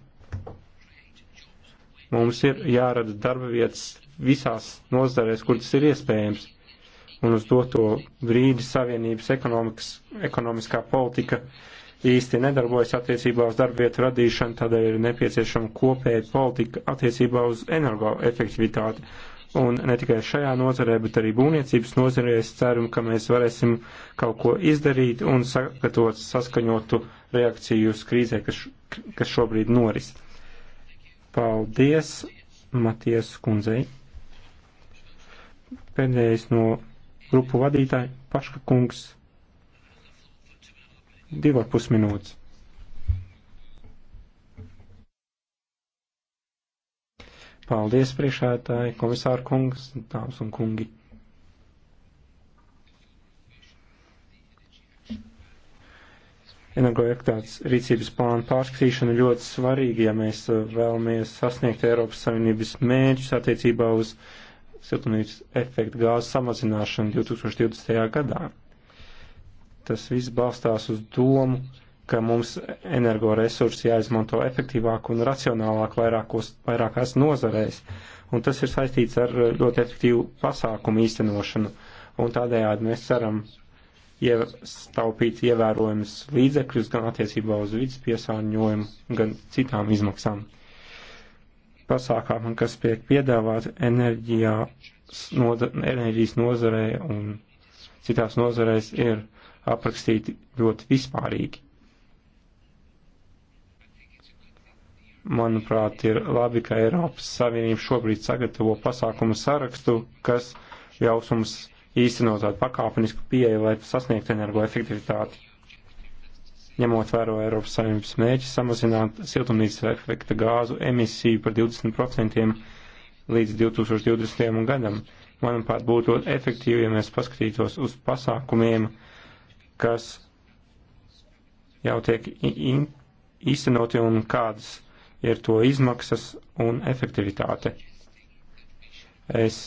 Mums ir jārada darba vietas visās nozarēs, kur tas ir iespējams. Un uz doto brīdi Savienības ekonomiskā politika īsti nedarbojas attiecībā uz darbvietu radīšanu, tādēļ ir nepieciešama kopēja politika attiecībā uz energoefektivitāti. Un ne tikai šajā nozarē, bet arī būvniecības nozarē es ceru, ka mēs varēsim kaut ko izdarīt un sagatavot saskaņotu reakciju uz krīzē, kas, kas šobrīd noris. Paldies, Matijas kundzei. Pēdējais no grupu vadītāja Paška kungs. Divar pus minūtes. Paldies, priekšētāji, komisāra kungs, dāmas un kungi. energoefektāts rīcības plāna pārskatīšana ļoti svarīga, ja mēs uh, vēlamies sasniegt Eiropas Savienības mērķus attiecībā uz siltumnīcas efektu gāzu samazināšanu 2020. gadā. Tas viss balstās uz domu, ka mums energoresursi jāizmanto efektīvāk un racionālāk vairākos, vairākās nozarēs, un tas ir saistīts ar uh, ļoti efektīvu pasākumu īstenošanu, un tādējādi mēs ceram iestaupīt ievērojumus līdzekļus gan attiecībā uz vidas piesārņojumu, gan citām izmaksām. Pasākām, kas tiek piedāvāt enerģijā, noza, enerģijas nozarē un citās nozarēs, ir aprakstīti ļoti vispārīgi. Manuprāt, ir labi, ka Eiropas Savienība šobrīd sagatavo pasākumu sarakstu, kas ļaus mums īstenot tādu pakāpenisku pieeju, lai sasniegtu energoefektivitāti. Ņemot vērā Eiropas Savienības mēķi samazināt siltumnīcas efekta gāzu emisiju par 20% līdz 2020. gadam, manuprāt, būtu efektīvi, ja mēs paskatītos uz pasākumiem, kas jau tiek īstenoti un kādas ir to izmaksas un efektivitāte. Es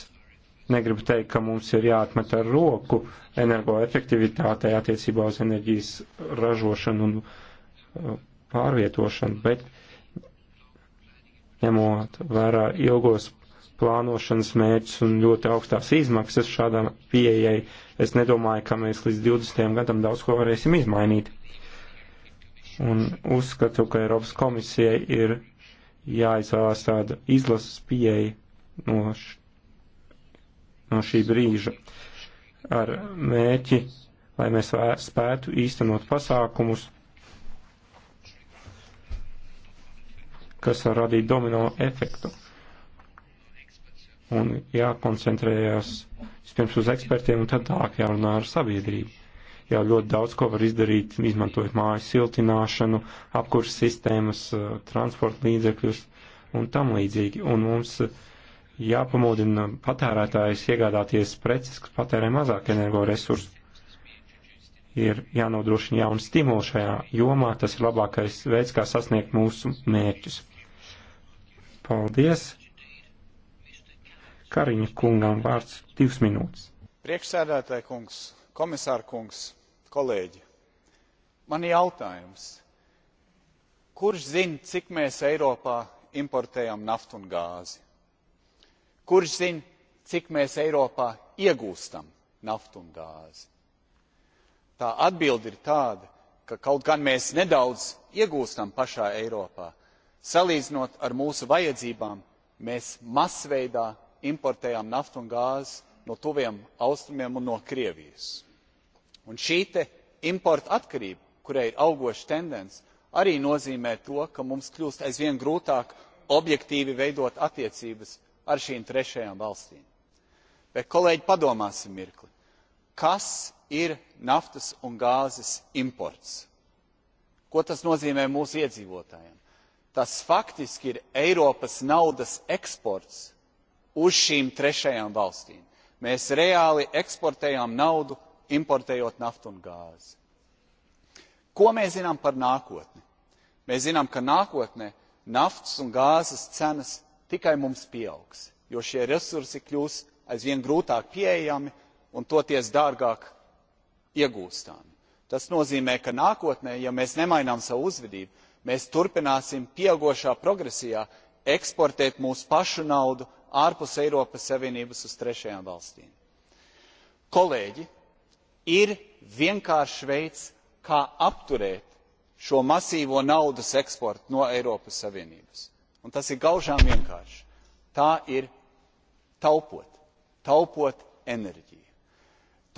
Negribu teikt, ka mums ir jāatmet ar roku energoefektivitātei attiecībā uz enerģijas ražošanu un uh, pārvietošanu, bet ņemot vērā ilgos plānošanas mērķus un ļoti augstās izmaksas šādam pieejai, es nedomāju, ka mēs līdz 20. gadam daudz ko varēsim izmainīt. Un uzskatu, ka Eiropas komisijai ir jāizvēlas tāda izlases pieeja no no šī brīža ar mēķi, lai mēs spētu īstenot pasākumus, kas var radīt domino efektu. Un jākoncentrējās vispirms uz ekspertiem un tad tālāk jārunā ar sabiedrību. Jā, ļoti daudz ko var izdarīt, izmantojot māju siltināšanu, apkurs sistēmas, eh, transporta līdzekļus un tam līdzīgi. Un mums uh, jāpamudina patērētājs iegādāties preces, kas patērē mazāk energoresursu. Ir jānodrošina jauna stimula šajā jomā, tas ir labākais veids, kā sasniegt mūsu mērķus. Paldies! Kariņa kungām vārds divas minūtes. Priekšsēdētāja kungs, komisāra kungs, kolēģi, man jautājums. Kurš zina, cik mēs Eiropā importējam naftu un gāzi? kurš zina cik mēs eiropā iegūstam naftu un gāzi? tā atbilde ir tāda ka kaut gan mēs nedaudz iegūstam pašā eiropā salīdzinot ar mūsu vajadzībām mēs masveidā importējam naftu un gāzi no tuviem austrumiem un no krievijas. un šī importa atkarība kurai ir augoša tendence arī nozīmē to ka mums kļūst aizvien grūtāk objektīvi veidot attiecības ar šīm trešajām valstīm. Bet, kolēģi, padomāsim mirkli. Kas ir naftas un gāzes imports? Ko tas nozīmē mūsu iedzīvotājiem? Tas faktiski ir Eiropas naudas eksports uz šīm trešajām valstīm. Mēs reāli eksportējām naudu, importējot naftu un gāzi. Ko mēs zinām par nākotni? Mēs zinām, ka nākotnē naftas un gāzes cenas tikai mums pieaugs jo šie resursi kļūs aizvien grūtāk pieejami un toties dārgāk iegūstami. tas nozīmē ka nākotnē ja mēs nemainām savu uzvedību mēs turpināsim pieaugošā progresijā eksportēt mūsu pašu naudu ārpus eiropas savienības uz trešajām valstīm. kolēģi ir vienkāršs veids kā apturēt šo masīvo naudas eksportu no eiropas savienības un tas ir gaužām vienkārši. Tā ir taupot, taupot enerģiju.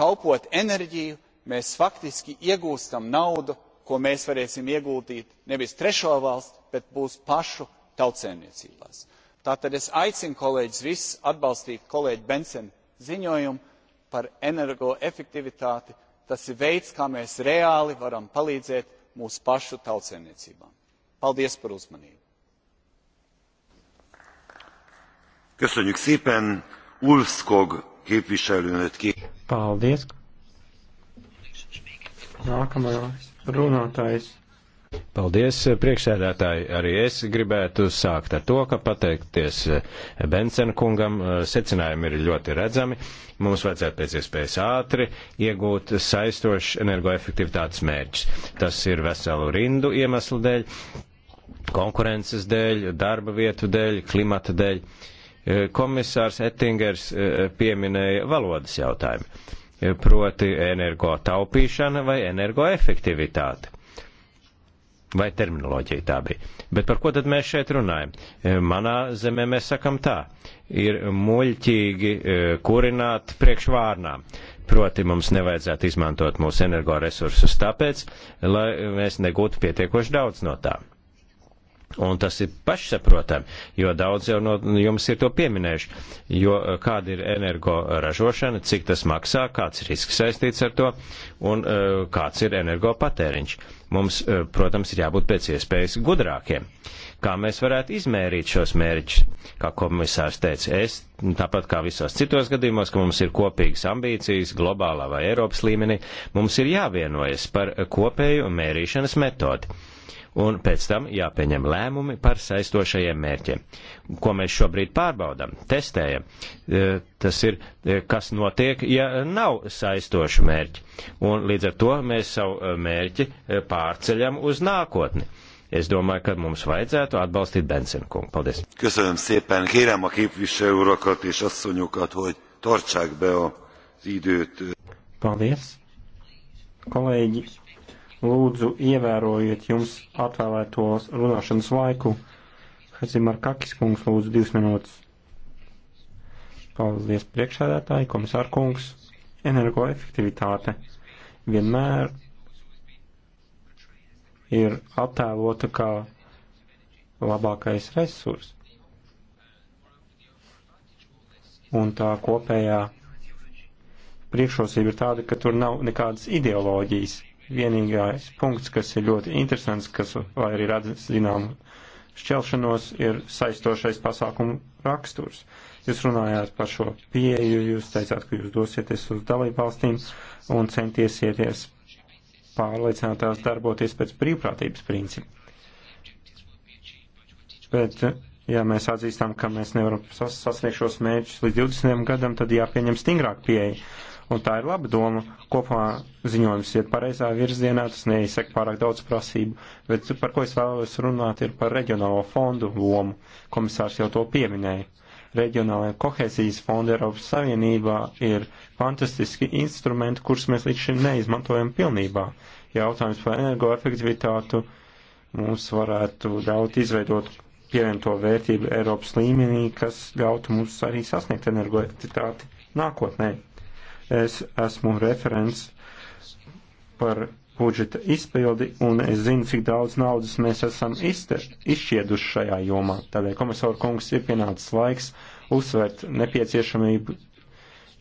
Taupot enerģiju, mēs faktiski iegūstam naudu, ko mēs varēsim ieguldīt nevis trešo valstu, bet būs pašu tautsēmniecībās. Tātad es aicinu kolēģis visus atbalstīt kolēģi Bensena ziņojumu par energoefektivitāti. Tas ir veids, kā mēs reāli varam palīdzēt mūsu pašu tautsēmniecībām. Paldies par uzmanību! Köszönjük szépen! Ulfskog képviselőnőt ki. Paldies! Nākamais runātājs. Paldies, priekšsēdētāji. Arī es gribētu sākt ar to, ka pateikties Bensena kungam secinājumi ir ļoti redzami. Mums vajadzētu pēc iespējas ātri iegūt saistošs energoefektivitātes mērķis. Tas ir veselu rindu iemeslu dēļ, konkurences dēļ, darba vietu dēļ, klimata dēļ. Uh, Eh, komisārs Ettingers eh, pieminēja valodas jautājumu, eh, proti energo taupīšana vai energoefektivitāte. Vai terminoloģija tā bija. Bet par ko tad mēs šeit runājam? Manā zemē mēs sakam tā. Ir muļķīgi kurināt priekšvārnām. Proti mums nevajadzētu izmantot mūsu energoresursus tāpēc, lai mēs negūtu pietiekoši daudz no tām. Un tas ir pašsaprotami, jo daudz jau no jums ir to pieminējuši. Jo eh, kāda ir energo ražošana, cik tas maksā, kāds ir risks saistīts ar to un eh, kāds ir energo patēriņš. Mums, eh, protams, ir jābūt pēc iespējas gudrākiem. Kā mēs varētu izmērīt šos mērķus, kā komisārs teica, es, tāpat kā visos citos gadījumos, ka mums ir kopīgas ambīcijas globālā vai Eiropas līmenī, mums ir jāvienojas par kopēju mērīšanas metodi un pēc tam jāpieņem lēmumi par saistošajiem mērķiem, ko mēs šobrīd pārbaudam, testējam. E, tas ir, e, kas notiek, ja nav saistošu mērķi, un līdz ar to mēs savu e, mērķi pārceļam uz nākotni. Es domāju, ka mums vajadzētu atbalstīt Bensinu kungu. Paldies. Köszönöm szépen. Kérem a képviselő urakat és asszonyokat, hogy tartsák be az időt. Paldies. Kolēģi, Lūdzu, ievērojiet jums atvēlētos runāšanas laiku. Hazimar Kakis kungs, lūdzu, divas minūtes. Paldies priekšsēdētāji, komisār kungs. Energoefektivitāte vienmēr ir attēlota kā labākais resurs. Un tā kopējā priekšrocība ir tāda, ka tur nav nekādas ideoloģijas vienīgais punkts, kas ir ļoti interesants, kas lai arī rada zinām šķelšanos, ir saistošais pasākumu raksturs. Jūs runājāt par šo pieeju, jūs teicāt, ka jūs dosieties uz dalībvalstīm un centiesieties pārliecināt tās darboties pēc brīvprātības principa. Bet, ja mēs atzīstam, ka mēs nevaram sas sasniegt šos mērķus līdz 20 gadam, tad jāpieņem stingrāk pieeja un tā ir laba doma. Kopumā ziņojums iet pareizā virzienā, tas neizsaka pārāk daudz prasību, bet par ko es vēlos runāt ir par reģionālo fondu lomu. Komisārs jau to pieminēja. Reģionālajā kohēzijas fonda Eiropas Savienībā ir fantastiski instrumenti, kurus mēs līdz šim neizmantojam pilnībā. Jautājums par energoefektivitātu mums varētu ļaut izveidot pievienoto vērtību Eiropas līmenī, kas ļautu mums arī sasniegt energoefektivitāti nākotnē. Es esmu referents par budžeta izpildi, un es zinu, cik daudz naudas mēs esam izte, izšķieduši šajā jomā. Tādēļ komisāra kungs ir pienācis laiks uzsvērt nepieciešamību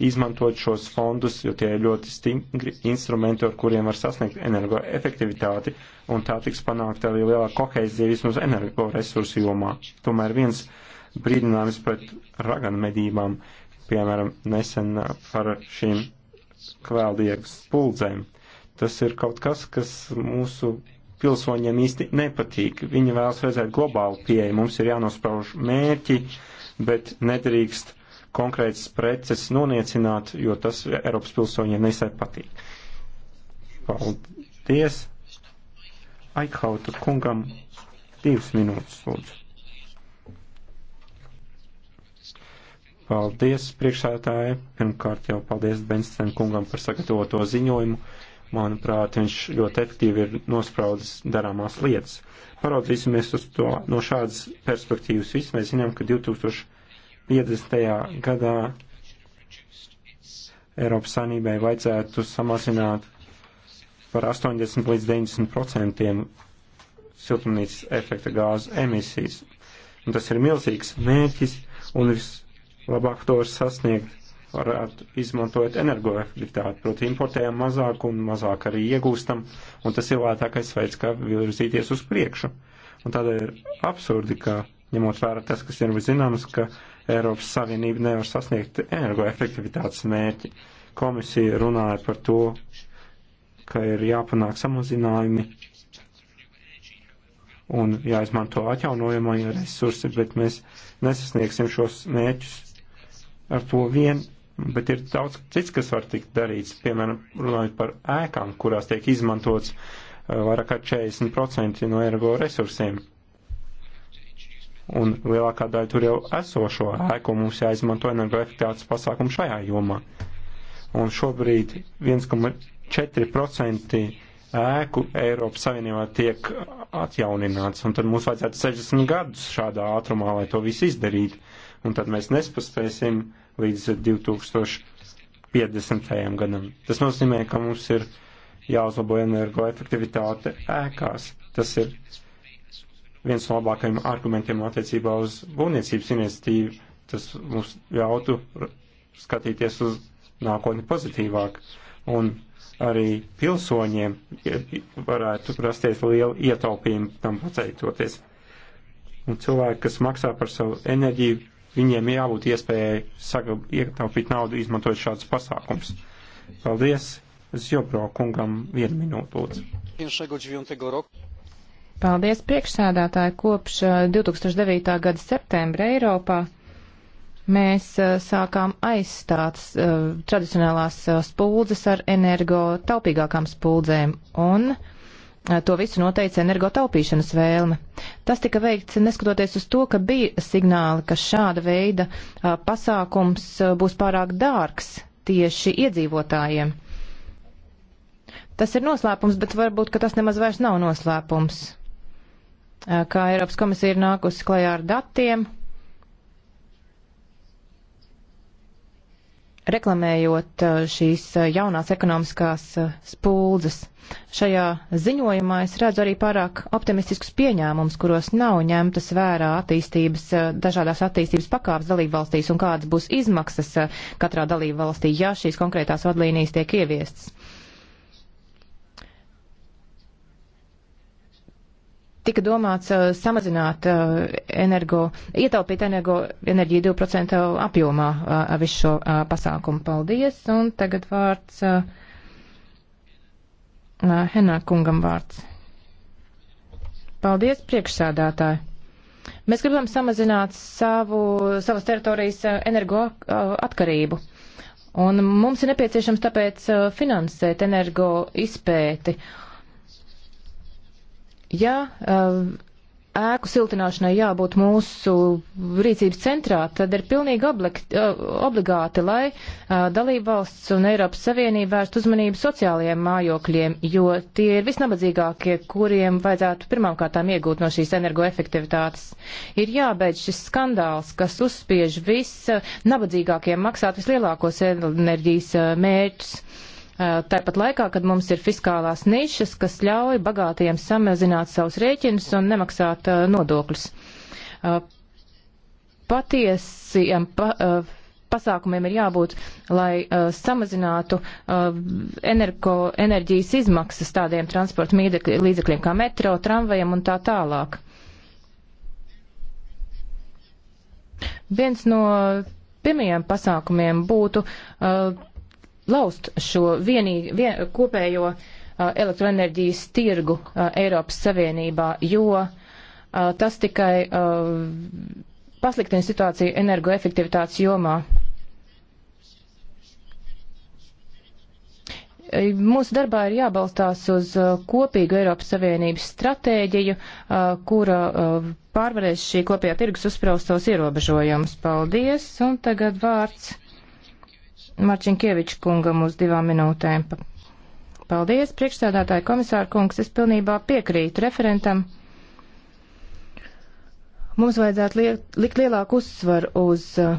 izmantot šos fondus, jo tie ir ļoti stingri instrumenti, ar kuriem var sasniegt energoefektivitāti, un tā tiks panākt arī lielā koheizija vismaz energoresursu jomā. Tomēr viens brīdinājums pret raganu medībām piemēram, nesen par šīm kvēldieku spuldzēm. Tas ir kaut kas, kas mūsu pilsoņiem īsti nepatīk. Viņi vēlas redzēt globālu pieeju. Mums ir jānospauž mērķi, bet nedrīkst konkrētas preces noniecināt, jo tas Eiropas pilsoņiem nesai patīk. Paldies! Aikhauta kungam divas minūtes, lūdzu. Paldies, priekšsētāji. Pirmkārt jau paldies Benstsen kungam par sagatavoto ziņojumu. Manuprāt, viņš ļoti efektīvi ir nospraudzis darāmās lietas. Paraudzīsimies uz to no šādas perspektīvas. Visi mēs zinām, ka 2050. gadā Eiropas Sanībai vajadzētu samazināt par 80 līdz 90 procentiem siltumnīcas efekta gāzu emisijas. Un tas ir milzīgs mērķis un viss labāk tos sasniegt varētu izmantot energoefektivitāti. Proti, importējam mazāk un mazāk arī iegūstam, un tas ir lētākais veids, kā virzīties uz priekšu. Un tādēļ ir absurdi, ka ņemot vērā tas, kas ir zināms, ka Eiropas Savienība nevar sasniegt energoefektivitātes mērķi. Komisija runāja par to, ka ir jāpanāk samazinājumi un jāizmanto atjaunojamie resursi, bet mēs nesasniegsim šos mērķus ar to vien, bet ir daudz cits, kas var tikt darīts, piemēram, runājot par ēkām, kurās tiek izmantots eh, vairāk kā 40% no ergo resursiem. Un lielākā daļa tur jau esošo ēku mums jāizmanto energoefektivitātes pasākumu šajā jomā. Un šobrīd 1,4% ēku Eiropas Savienībā tiek atjaunināts, un tad mums vajadzētu 60 gadus šādā ātrumā, lai to visu izdarītu. Un tad mēs nespēsim uh, līdz 2050. gadam. Tas nozīmē, ka mums ir jāuzlabo energoefektivitāte ēkās. Tas ir viens no labākajiem argumentiem attiecībā uz būvniecības iniciatīvu. Tas mums ļautu skatīties uz nākotni pozitīvāk. Un arī pilsoņiem varētu rasties liela ietaupījuma tam pateicoties. Un cilvēki, kas maksā par savu enerģiju, Viņiem jābūt iespējai sagab, ietaupīt naudu, izmantojot šādus pasākums. Paldies! Zjobro kungam vienu minūtu lūdzu. Paldies priekšsēdētāji kopš 2009. gada septembra Eiropā mēs uh, sākām aizstāt uh, tradicionālās uh, spuldzes ar energo taupīgākām spuldzēm, un To visu noteica energotaupīšanas vēlme. Tas tika veikts neskatoties uz to, ka bija signāli, ka šāda veida pasākums būs pārāk dārgs tieši iedzīvotājiem. Tas ir noslēpums, bet varbūt, ka tas nemaz vairs nav noslēpums. Kā Eiropas komisija ir nākusi klajā ar datiem, reklamējot eh, šīs eh, jaunās ekonomiskās eh, spuldzes. Šajā ziņojumā es redzu arī pārāk optimistiskus pieņēmumus, kuros nav ņemtas vērā attīstības, dažādās attīstības pakāpes dalībvalstīs un kādas būs izmaksas katrā dalībvalstī, ja šīs konkrētās vadlīnijas tiek ieviestas. tika domāts uh, samazināt uh, energo, ietaupīt energo, enerģiju 2% apjomā uh, visu šo uh, pasākumu. Paldies, un tagad vārds uh, Henā kungam vārds. Paldies, priekšsādātāji. Mēs gribam samazināt savu, savas teritorijas uh, energo uh, atkarību. Un mums ir nepieciešams tāpēc uh, finansēt energo izpēti. Uh, Ja eh, ēku siltināšanai jābūt mūsu rīcības centrā, tad ir pilnīgi oblikt, eh, obligāti, lai eh, dalībvalsts un Eiropas Savienība vērst uzmanību sociālajiem mājokļiem, jo tie ir visnabadzīgākie, kuriem vajadzētu pirmkārtām iegūt no šīs energoefektivitātes. Ir jābeidz šis skandāls, kas uzspiež visnabadzīgākiem maksāt vislielākos enerģijas mērķus Eh, tāpat laikā, kad mums ir fiskālās nišas, kas ļauj bagātajiem samazināt savus rēķinus un nemaksāt eh, nodokļus. Eh, patiesiem pa, pasākumiem ir jābūt, lai samazinātu energo, enerģijas izmaksas tādiem transporta līdzekļiem kā metro, tramvajam un tā tālāk. Viens no pirmajiem pasākumiem būtu uh, laust šo vienī, vien, kopējo uh, elektroenerģijas tirgu uh, Eiropas Savienībā, jo uh, tas tikai uh, pasliktina situāciju energoefektivitātes jomā. Mūsu darbā ir jābalstās uz uh, kopīgu Eiropas Savienības stratēģiju, uh, kura uh, pārvarēs šī kopējā tirgus uzspraustos ierobežojumus. Paldies, un tagad vārds Marčinkieviča kungam uz divām minūtēm. Paldies, priekšstādātāji komisāra kungs, es pilnībā piekrītu referentam. Mums vajadzētu liek, likt lielāku uzsvaru uz uh,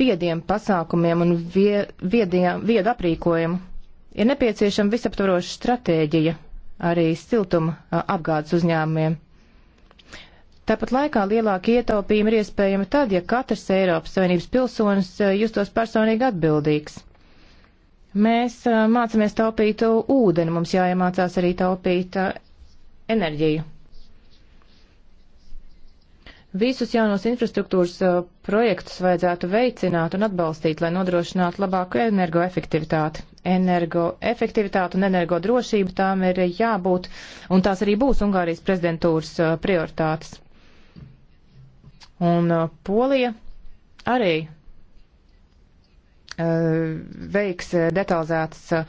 viediem pasākumiem un vie, viediem, viedu aprīkojumu. Ir nepieciešama visaptvaroša stratēģija arī siltuma uh, apgādes uzņēmumiem. Tāpat laikā lielāka ietaupījuma ir iespējama tad, ja katrs Eiropas Savienības pilsonis eh, justos personīgi atbildīgs. Mēs eh, mācāmies taupīt ūdeni, mums jāiemācās arī taupīt eh, enerģiju. Visus jaunos infrastruktūras projektus vajadzētu veicināt un atbalstīt, lai nodrošinātu labāku energoefektivitāti. Energoefektivitāte un energodrošība tām ir jābūt, un tās arī būs Ungārijas prezidentūras prioritātes. Un uh, Polija arī uh, veiks uh, detalizētas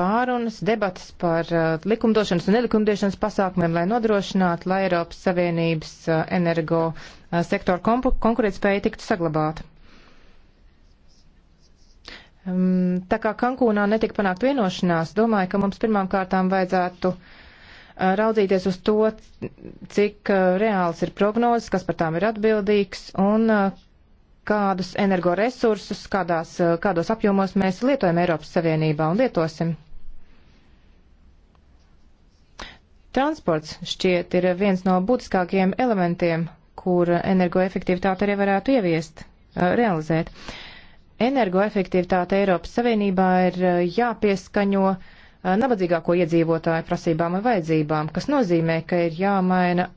pārunas, debatas par likumdošanas un nelikumdošanas pasākumiem, lai nodrošinātu, lai Eiropas Savienības energo sektora konkurētspēja tiktu saglabāta. Um, tā kā Kankūnā netika panākt vienošanās, domāju, ka mums pirmām kārtām vajadzētu uh, raudzīties uz to, cik reāls ir prognozes, kas par tām ir atbildīgs un kādus energoresursus, kādās, kādos apjomos mēs lietojam Eiropas Savienībā un lietosim. Transports šķiet ir viens no būtiskākajiem elementiem, kur energoefektivitāti arī varētu ieviest, realizēt. Energoefektivitāte Eiropas Savienībā ir jāpieskaņo uh, Eh, nabadzīgāko iedzīvotāju prasībām un vajadzībām, kas nozīmē, ka ir jāmaina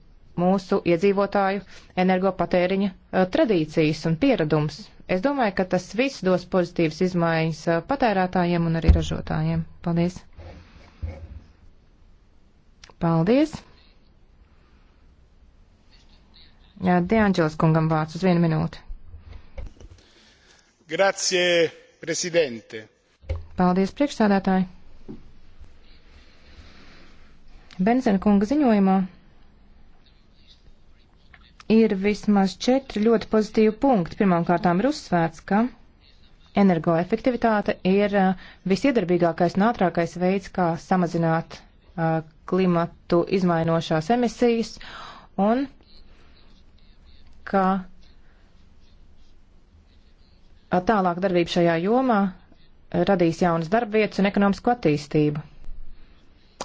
mūsu iedzīvotāju energopatēriņa eh, tradīcijas un pieredums. Es domāju, ka tas viss dos pozitīvas izmaiņas eh, patērētājiem un arī ražotājiem. Paldies! Paldies! Deanģels kungam vārds uz vienu minūti. Grazie, prezidente! Paldies, priekšsādātāji! Benzena kunga ziņojumā ir vismaz četri ļoti pozitīvi punkti. Pirmkārtām ir uzsvērts, ka energoefektivitāte ir uh, visiedarbīgākais un ātrākais veids, kā samazināt uh, klimatu izmainošās emisijas un ka uh, tālāk darbība šajā jomā radīs jaunas darbvietas un ekonomisko attīstību.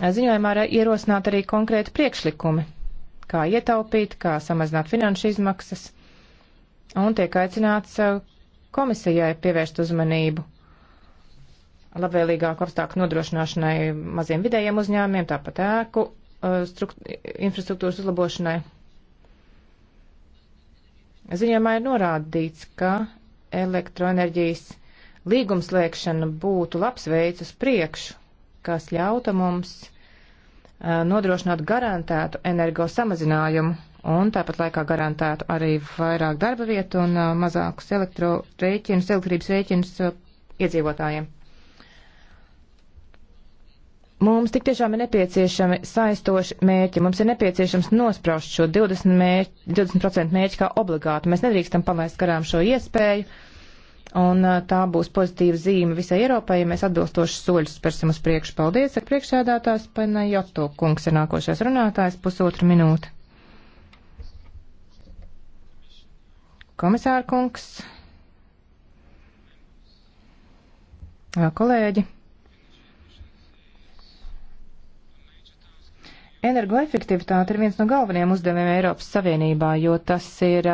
Ziņojumā ir ierosināt arī konkrēti priekšlikumi, kā ietaupīt, kā samazināt finanšu izmaksas, un tiek aicināts uh, komisijai pievērst uzmanību labvēlīgāku apstākļu nodrošināšanai maziem vidējiem uzņēmumiem, tāpat ēku uh, infrastruktūras uzlabošanai. Ziņojumā ir norādīts, ka elektroenerģijas līgumslēgšana būtu labs veids uz priekšu, kas ļauta mums nodrošināt garantētu energo samazinājumu un tāpat laikā garantētu arī vairāk darba vietu un mazākus elektrorēķinus, elektrības rēķinus iedzīvotājiem. Mums tik tiešām ir nepieciešami saistoši mērķi. Mums ir nepieciešams nospraust šo 20%, mērķi, 20 mērķi kā obligātu. Mēs nedrīkstam palaist garām šo iespēju. Uh, Un uh, tā būs pozitīva zīme visai Eiropai, ja mēs atbilstoši soļus spērsim uz priekšu. Paldies, ar priekšsēdētājs Panajoto kungs ir nākošais runātājs pusotra minūte. Komisāra kungs, kolēģi. Energoefektivitāte ir viens no galvenajiem uzdevumiem Eiropas Savienībā, jo tas ir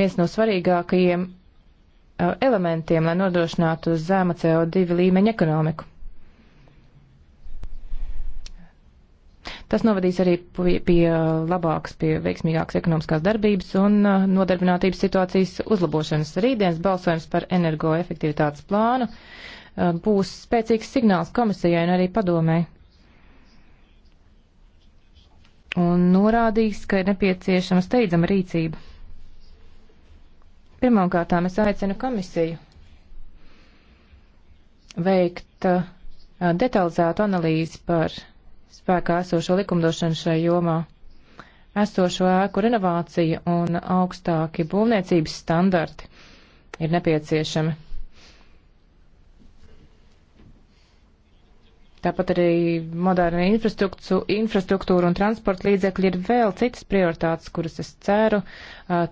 viens no svarīgākajiem Uh, elementiem, lai nodrošinātu zema CO2 līmeņa ekonomiku. Tas novadīs arī pie labākas, pie veiksmīgākas ekonomiskās darbības un uh, nodarbinātības situācijas uzlabošanas. Rītdienas balsojums par energoefektivitātes plānu uh, būs spēcīgs signāls komisijai un arī padomē. Un norādīs, ka ir nepieciešama steidzama rīcība. Pirmkārt, es aicinu komisiju veikt uh, detalizētu analīzi par spēkā esošo likumdošanu šajā jomā, esošo ēku renovācija un augstāki būvniecības standarti ir nepieciešami. Tāpat arī moderna infrastruktūra un transporta līdzekļi ir vēl citas prioritātes, kuras es ceru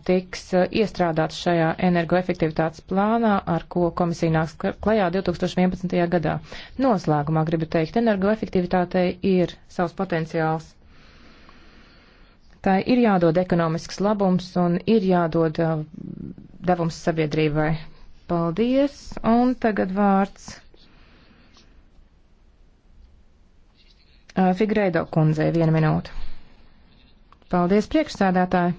tiks iestrādātas šajā energoefektivitātes plānā, ar ko komisija nāks klajā 2011. gadā. Noslēgumā gribu teikt, energoefektivitātei ir savs potenciāls. Tā ir jādod ekonomisks labums un ir jādod devums sabiedrībai. Paldies, un tagad vārds Uh, Figreido kundzei vienu minūtu. Paldies, priekšsēdētāji!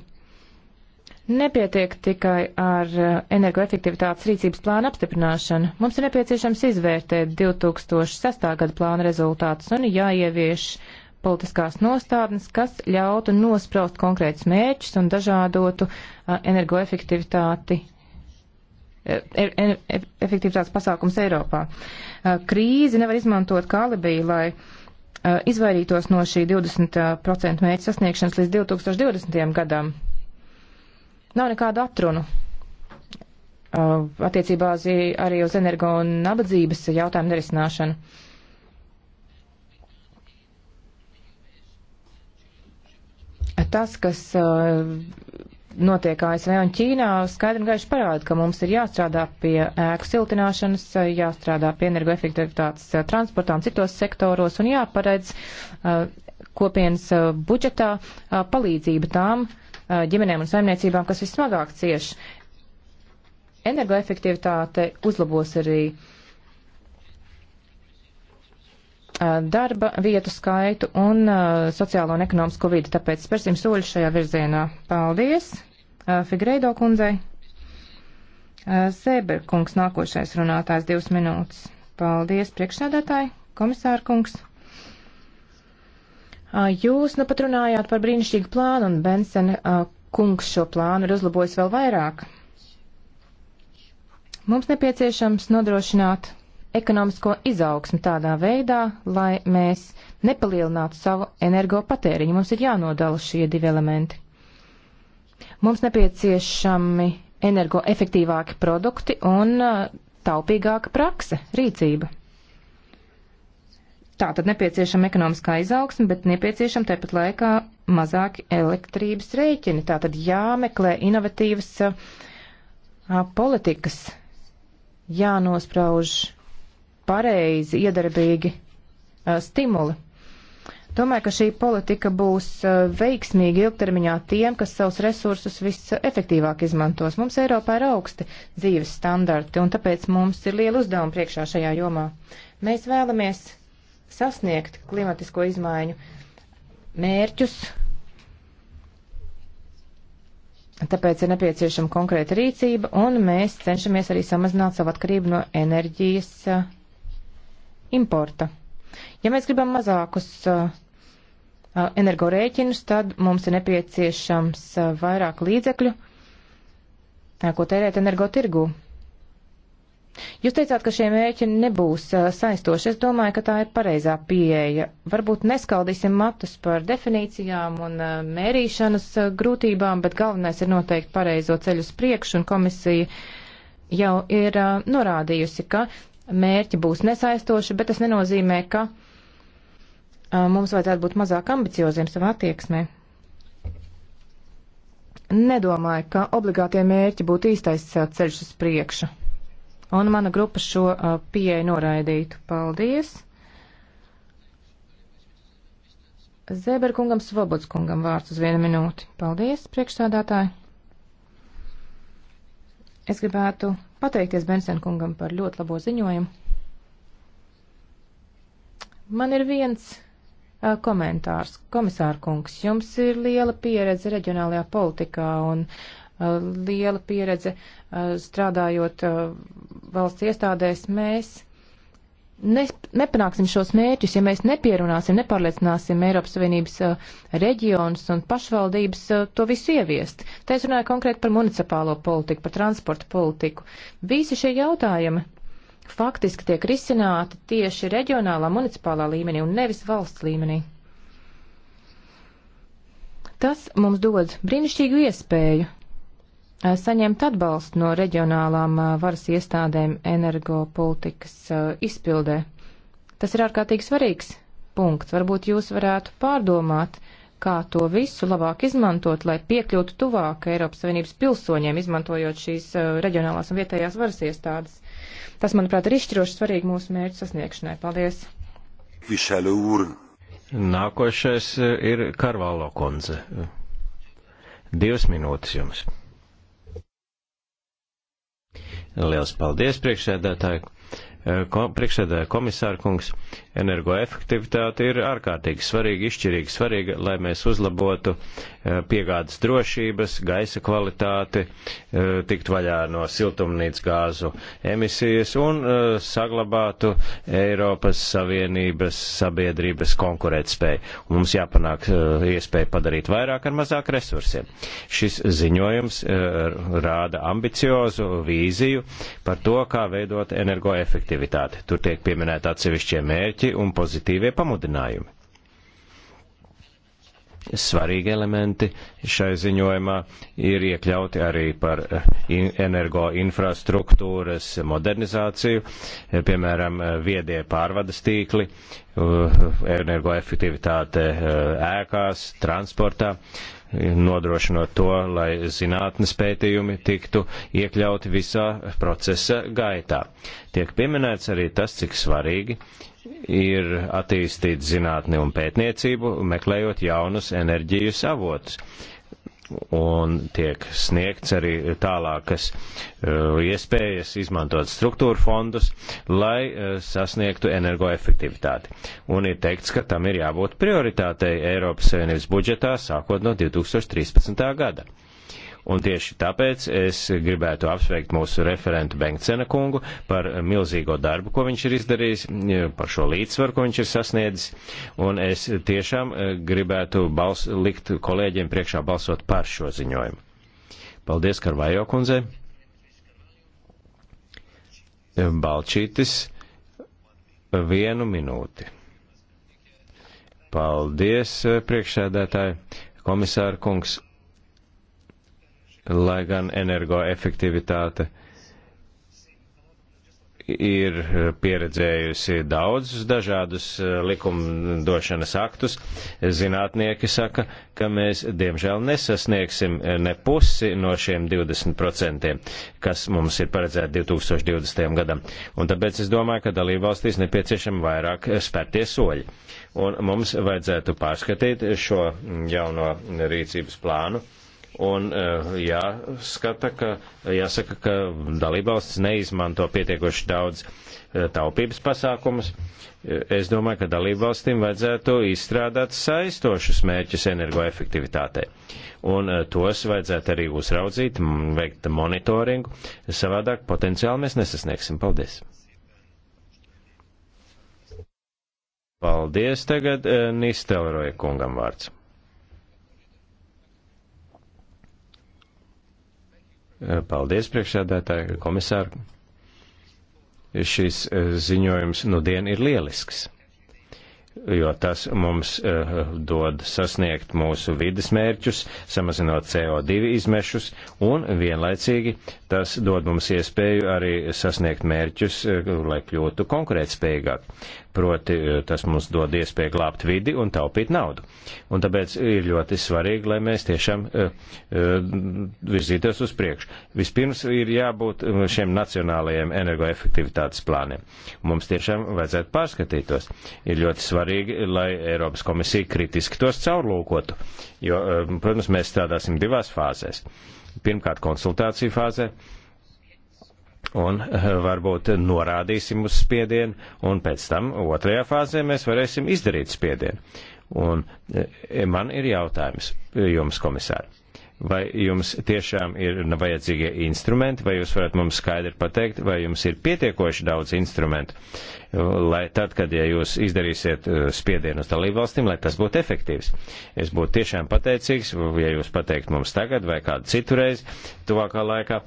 Nepietiek tikai ar uh, energoefektivitātes rīcības plānu apstiprināšanu. Mums ir nepieciešams izvērtēt 2006. gada plāna rezultātus un jāievieš politiskās nostādnes, kas ļautu nospraust konkrētus mērķus un dažādotu uh, energoefektivitāti e, e, e, efektivitātes pasākums Eiropā. Krīzi nevar izmantot kā alibiju, lai Uh, izvairītos no šī 20% uh, mērķa sasniegšanas līdz 2020. gadam. Nav nekādu atrunu uh, attiecībā arī uz energo un nabadzības jautājumu nerisināšanu. Tas, kas notiek ASV un Ķīnā, skaidri un gaiši parāda, ka mums ir jāstrādā pie ēku siltināšanas, jāstrādā pie energoefektivitātes eh, transportā un citos sektoros un jāparedz eh, kopienas eh, budžetā palīdzība tām ģimenēm un saimniecībām, kas vismagāk cieš. Energoefektivitāte uzlabos arī uh, darba vietu skaitu un sociālo un ekonomisko vidi. Tāpēc spērsim soļus šajā virzienā. Paldies Figreido kundzei. Sēber kungs nākošais runātājs divas minūtes. Paldies priekšsēdētāji, komisāra kungs. Jūs nu pat runājāt par brīnišķīgu plānu, un Bensen kungs šo plānu ir uzlabojis vēl vairāk. Mums nepieciešams nodrošināt ekonomisko izaugsmu tādā veidā, lai mēs nepalielinātu savu energo patēriņu. Mums ir jānodala šie divi elementi. Mums nepieciešami energoefektīvāki produkti un uh, taupīgāka prakse, rīcība. Tā tad nepieciešama ekonomiskā izaugsme, bet nepieciešama tepat laikā mazāki elektrības rēķini. Tā tad jāmeklē inovatīvas a, uh, politikas, jānosprauž pareizi, iedarbīgi stimuli. Domāju, ka šī politika būs veiksmīga ilgtermiņā tiem, kas savus resursus visefektīvāk izmantos. Mums Eiropā ir augsti dzīves standarti, un tāpēc mums ir liela uzdevuma priekšā šajā jomā. Mēs vēlamies sasniegt klimatisko izmaiņu mērķus, tāpēc ir nepieciešama konkrēta rīcība, un mēs cenšamies arī samazināt savu atkarību no enerģijas importa. Ja mēs gribam mazākus uh, uh, energorēķinus, tad mums ir nepieciešams uh, vairāk līdzekļu, ko tērēt energotirgū. Jūs teicāt, ka šie mērķi nebūs saistoši. Es domāju, ka tā ir pareizā pieeja. Varbūt neskaldīsim matus par definīcijām un mērīšanas grūtībām, bet galvenais ir noteikti pareizo ceļu uz priekšu, un komisija jau ir norādījusi, ka mērķi būs nesaistoši, bet tas nenozīmē, ka mums vajadzētu būt mazāk ambicioziem savā attieksmē. Nedomāju, ka obligātie mērķi būtu īstais ceļš uz priekšu. Un mana grupa šo pieeju noraidītu. Paldies! Zēberkungam Svobodskungam vārds uz vienu minūti. Paldies, priekšsādātāji! Es gribētu pateikties Bensenkungam par ļoti labo ziņojumu. Man ir viens uh, komentārs. Komisāra kungs, jums ir liela pieredze reģionālajā politikā un uh, liela pieredze uh, strādājot valsts iestādēs. Mēs ne, nepanāksim šos mērķus, ja mēs nepierunāsim, nepārliecināsim Eiropas Savienības uh, reģionus un pašvaldības uh, to visu ieviest. Tā es runāju konkrēti par municipālo politiku, par transporta politiku. Visi šie jautājumi faktiski tiek risināti tieši reģionālā, municipālā līmenī un nevis valsts līmenī. Tas mums dod brīnišķīgu iespēju Eh, saņemt atbalstu no reģionālām eh, varas iestādēm energopolitikas eh, izpildē. Tas ir ārkārtīgi svarīgs punkts. Varbūt jūs varētu pārdomāt, kā to visu labāk izmantot, lai piekļūtu tuvāk Eiropas Savienības pilsoņiem, izmantojot šīs reģionālās un vietējās varas iestādes. Tas, manuprāt, ir izšķiroši svarīgi mūsu mērķu sasniegšanai. Paldies! Višelūr. Nākošais ir Karvalo konze. Divas minūtes jums. Liels paldies, priekšsēdētāji! Eh, ko, priekšsēdē komisāra kungs, energoefektivitāte ir ārkārtīgi svarīga, izšķirīgi svarīga, lai mēs uzlabotu eh, piegādes drošības, gaisa kvalitāti, eh, tikt vaļā no siltumnīcas gāzu emisijas un saglabātu Eiropas Savienības sabiedrības konkurētspēju. Mums jāpanāk iespēja padarīt vairāk ar mazāk resursiem. Šis ziņojums rāda ambiciozu vīziju par to, kā veidot energoefektivitāti efektivitāti. Tur tiek pieminēti atsevišķie mērķi un pozitīvie pamudinājumi. Svarīgi elementi šai ziņojumā ir iekļauti arī par eh, energo infrastruktūras modernizāciju, eh, piemēram, eh, viedie pārvades tīkli, energoefektivitāte ēkās, transportā, nodrošinot to, lai zinātnes pētījumi tiktu iekļauti visā procesa gaitā. Tiek pieminēts arī tas, cik svarīgi ir attīstīt zinātni un pētniecību, meklējot jaunus enerģijas avotus un tiek sniegts arī tālākas uh, iespējas izmantot struktūru fondus, lai uh, sasniegtu energoefektivitāti. Un ir teikts, ka tam ir jābūt prioritātei Eiropas Savienības budžetā sākot no 2013. gada. Un tieši tāpēc es gribētu apsveikt mūsu referentu Bengtsena kungu par milzīgo darbu, ko viņš ir izdarījis, par šo līdzsvaru, ko viņš ir sasniedzis. Un es tiešām eh, gribētu bals, likt kolēģiem priekšā balsot par šo ziņojumu. Paldies Karvajo kundzei. Balčītis vienu minūti. Paldies, priekšsēdētāji, komisāra kungs lai gan energoefektivitāte ir pieredzējusi daudzus dažādus eh, likumdošanas aktus, zinātnieki saka, ka mēs diemžēl nesasniegsim eh, ne pusi no šiem 20%, kas mums ir paredzēti 2020. gadam. Un tāpēc es domāju, ka dalībvalstīs nepieciešami vairāk eh, spērtie soļi. Un mums vajadzētu pārskatīt šo mm, jauno rīcības plānu Un eh, jāskata, ka, jāsaka, ka dalībvalstis neizmanto pietiekoši daudz eh, taupības pasākumus. Eh, es domāju, ka dalībvalstīm vajadzētu izstrādāt saistošus mērķus energoefektivitātei. Un tos vajadzētu arī uzraudzīt, veikt monitoringu. Savādāk potenciāli mēs nesasniegsim. Paldies! Paldies tagad Nistelroja kungam vārds. Eh, paldies, priekšsēdētāji, komisāri. Šis eh, ziņojums nu dien ir lielisks, jo tas mums eh, dod sasniegt mūsu vidas mērķus, samazinot CO2 izmešus, un vienlaicīgi tas dod mums iespēju arī sasniegt mērķus, lai kļūtu konkurētspējīgāk. Proti eh, tas mums dod iespēju glābt vidi un taupīt naudu. Un tāpēc ir ļoti svarīgi, lai mēs tiešām eh, eh, virzītos uz priekšu. Vispirms ir jābūt šiem nacionālajiem energoefektivitātes plāniem. Mums tiešām vajadzētu pārskatītos. Ir ļoti svarīgi, lai Eiropas komisija kritiski tos caurlūkotu, jo, protams, mēs strādāsim divās fāzēs. Pirmkārt, konsultāciju fāzē un eh, varbūt norādīsim uz spiedienu, un pēc tam otrajā fāzē mēs varēsim izdarīt spiedienu. Un eh, man ir jautājums jums, komisāri. Vai jums tiešām ir vajadzīgie instrumenti, vai jūs varat mums skaidri pateikt, vai jums ir pietiekoši daudz instrumentu, lai tad, kad ja jūs izdarīsiet uh, spiedienu uz dalību valstīm, lai tas būtu efektīvs. Es būtu tiešām pateicīgs, ja jūs pateikt mums tagad vai kādu citu reizi, tuvākā laikā,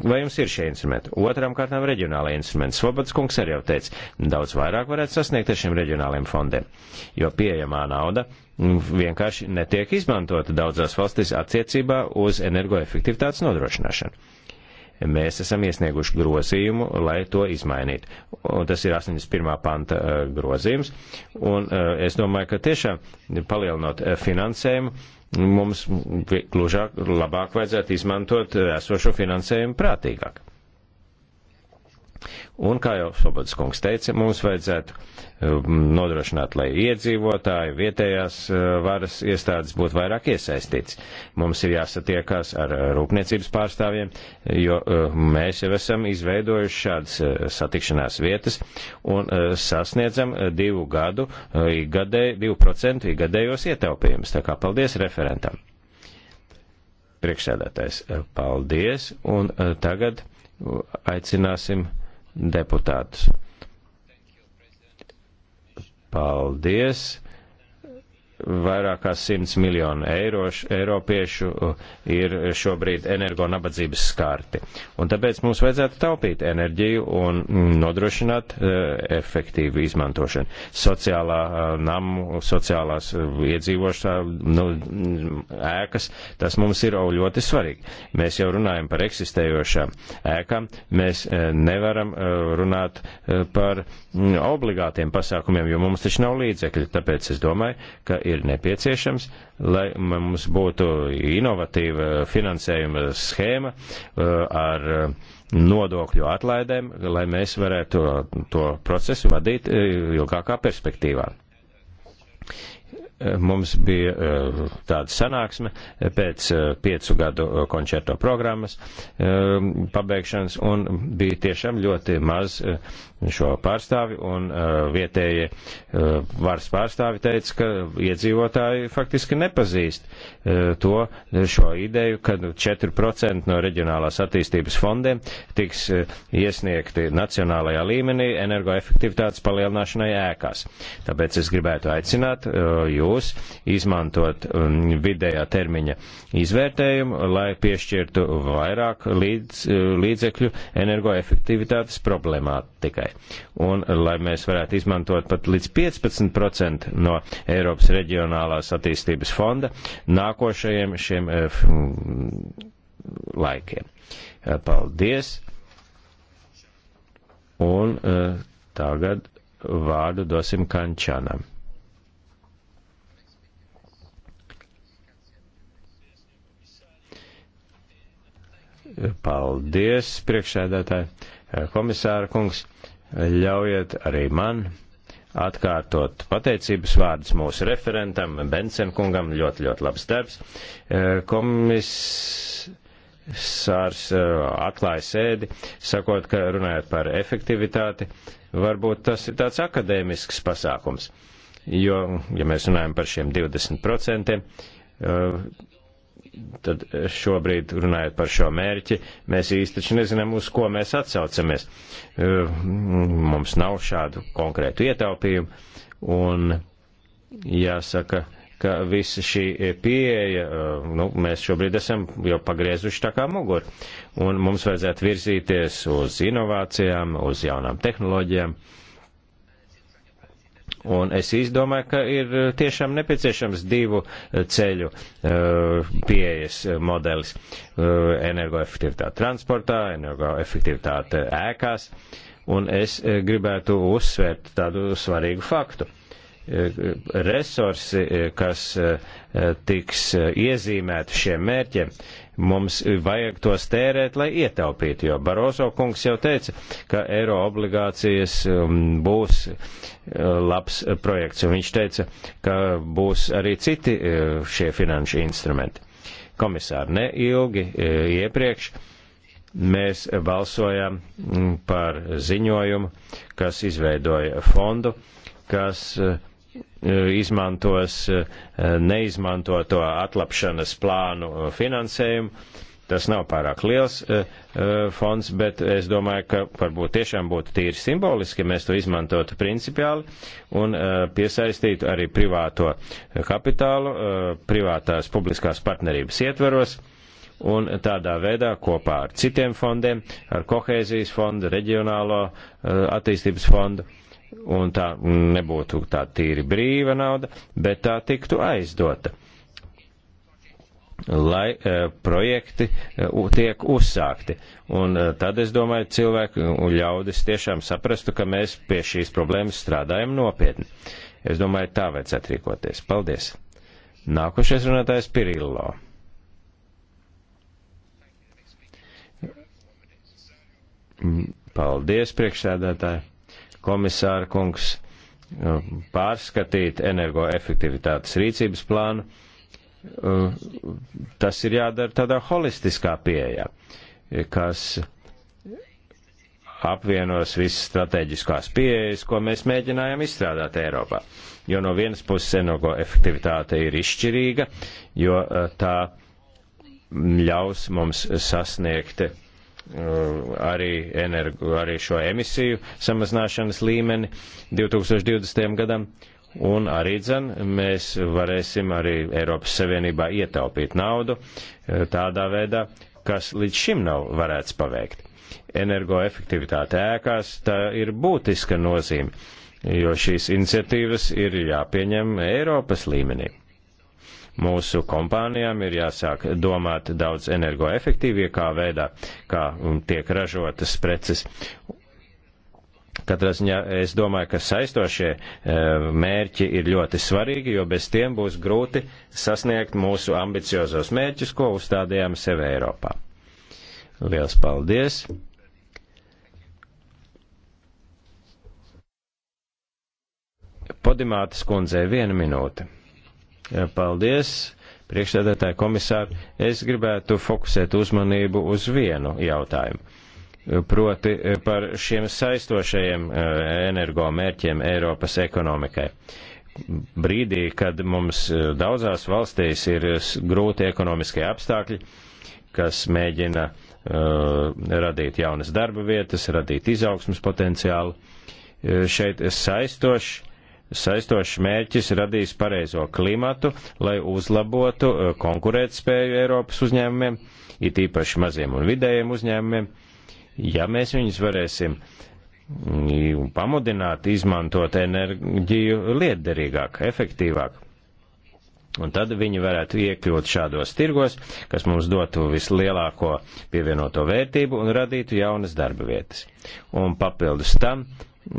vai jums ir šie instrumenti. Otram kārtām reģionālai instrumenti. Svobats kungs arī jau teica, daudz vairāk varētu sasniegt ar šiem reģionāliem fondiem, jo pieejamā nauda vienkārši netiek izmantota daudzās valstīs attiecībā uz energoefektivitātes nodrošināšanu. Mēs esam iesnieguši grozījumu, lai to izmainītu. Un tas ir 81. panta uh, grozījums. Un uh, es domāju, ka tiešām palielinot uh, finansējumu, mums glužāk labāk vajadzētu izmantot esošo finansējumu prātīgāk. Un, kā jau Šobods kungs teica, mums vajadzētu um, nodrošināt, lai iedzīvotāji, vietējās uh, varas iestādes būtu vairāk iesaistīts. Mums ir jāsatiekās ar uh, rūpniecības pārstāvjiem, jo uh, mēs jau esam izveidojuši šādas satikšanās vietas un sasniedzam divu gadu, gadē, divu procentu gadējos ietaupījumus. Tā kā paldies referentam. Priekšsēdētājs, paldies. Un tagad aicināsim deputātus. Paldies! vairāk kā 100 miljonu eiroš, eiropiešu ir šobrīd energonabadzības skārti. Un tāpēc mums vajadzētu taupīt enerģiju un nodrošināt uh, efektīvu izmantošanu. Sociālā uh, namu, sociālās uh, iedzīvošā nu, ēkas, tas mums ir ļoti svarīgi. Mēs jau runājam par eksistējošām ēkām, mēs uh, nevaram uh, runāt uh, par uh, obligātiem pasākumiem, jo mums taču nav līdzekļi. Tāpēc es domāju, ka ir nepieciešams, lai mums būtu inovatīva finansējuma schēma uh, ar uh, nodokļu atlaidēm, lai mēs varētu to, to procesu vadīt uh, ilgākā perspektīvā mums bija eh, tāda sanāksme pēc eh, piecu gadu eh, koncerto programmas pabeigšanas un bija tiešām ļoti maz šo pārstāvi un vietējie varas pārstāvi teica, ka iedzīvotāji faktiski nepazīst to šo ideju, ka 4% no reģionālās attīstības fondiem tiks iesniegti nacionālajā līmenī energoefektivitātes palielināšanai ēkās. Tāpēc es gribētu aicināt jūs jūs izmantot um, vidējā termiņa izvērtējumu, lai piešķirtu vairāk līdz, uh, līdzekļu energoefektivitātes problemātikai. Un lai mēs varētu izmantot pat līdz 15% no Eiropas reģionālās attīstības fonda nākošajiem šiem uh, laikiem. Uh, paldies! Un tagad vārdu dosim Kančanam. Paldies, priekšsēdētāji, eh, komisāra kungs. Ļaujiet arī man atkārtot pateicības vārdus mūsu referentam, Bensen kungam, ļoti, ļoti labs darbs. Eh, komisārs eh, atklāja sēdi, sakot, ka runājot par efektivitāti, varbūt tas ir tāds akadēmisks pasākums. Jo, ja mēs runājam par šiem 20%, tad šobrīd runājot par šo mērķi, mēs īsti taču nezinām, uz ko mēs atsaucamies. E, mums nav šādu konkrētu ietaupījumu, un jāsaka, ka visa šī pieeja, e, nu, mēs šobrīd esam jau pagriezuši tā kā muguri, un mums vajadzētu virzīties uz inovācijām, uz jaunām tehnoloģijām, uh, Un es izdomāju, ka ir eh, tiešām nepieciešams divu eh, ceļu eh, pieejas modelis - energoefektivitāte transportā, energoefektivitāte ēkās. Un es gribētu uzsvērt tādu svarīgu faktu resursi, eh, kas eh, tiks eh, iezīmēti šiem mērķiem, mums vajag tos tērēt, lai ietaupītu, jo Baroso kungs jau teica, ka eiro obligācijas um, būs labs projekts, un viņš teica, ka būs arī citi šie finanšu instrumenti. Komisāri, neilgi iepriekš mēs balsojām mm, par ziņojumu, kas izveidoja fondu, kas uh, E, izmantos e, neizmantoto atlapšanas plānu finansējumu. Tas nav pārāk liels e, fonds, bet es domāju, ka varbūt tiešām būtu tīri simboliski, ja mēs to izmantotu principiāli un piesaistītu arī privāto kapitālu privātās publiskās partnerības ietveros un tādā veidā kopā ar citiem fondiem, ar kohēzijas fondu, reģionālo attīstības fondu un tā nebūtu tā tīri brīva nauda, bet tā tiktu aizdota lai e, projekti e, tiek uzsākti. Un e, tad es domāju, cilvēki un ļaudis tiešām saprastu, ka mēs pie šīs problēmas strādājam nopietni. Es domāju, tā vajadzētu rīkoties. Paldies! Nākošais runātājs Pirillo. Paldies, priekšsēdētāji! komisāra kungs, uh, pārskatīt energoefektivitātes rīcības plānu. Uh, tas ir jādara tādā holistiskā pieejā, kas apvienos visas strateģiskās pieejas, ko mēs mēģinājām izstrādāt Eiropā. Jo no vienas puses energoefektivitāte ir izšķirīga, jo uh, tā ļaus mums sasniegt uh, Uh, arī, energo, arī šo emisiju samazināšanas līmeni 2020. gadam. Un arī dzen, mēs varēsim arī Eiropas Savienībā ietaupīt naudu uh, tādā veidā, kas līdz šim nav varēts paveikt. Energoefektivitāte ēkās tā ir būtiska nozīme, jo šīs iniciatīvas ir jāpieņem Eiropas līmenī. Mūsu kompānijām ir jāsāk domāt daudz energoefektīvākā veidā, kā tiek ražotas preces. Katrā ziņā es domāju, ka saistošie e, mērķi ir ļoti svarīgi, jo bez tiem būs grūti sasniegt mūsu ambiciozos mērķus, ko uzstādījām sev Eiropā. Liels paldies! Podimātas kundzei viena minūte. Eh, paldies, priekšsēdētāji komisāri. Es gribētu fokusēt uzmanību uz vienu jautājumu. Proti eh, par šiem saistošajiem eh, energomērķiem Eiropas ekonomikai. Brīdī, kad mums daudzās valstīs ir grūti ekonomiskie apstākļi, kas mēģina uh, radīt jaunas darba vietas, radīt izaugsmas potenciālu, šeit saistoši Saistošs mērķis radīs pareizo klimatu, lai uzlabotu e, konkurētspēju Eiropas uzņēmumiem, it īpaši maziem un vidējiem uzņēmumiem. Ja mēs viņus varēsim mm, pamudināt izmantot enerģiju lietderīgāk, efektīvāk, Un tad viņi varētu iekļūt šādos tirgos, kas mums dotu vislielāko pievienoto vērtību un radītu jaunas darba vietas. Un papildus tam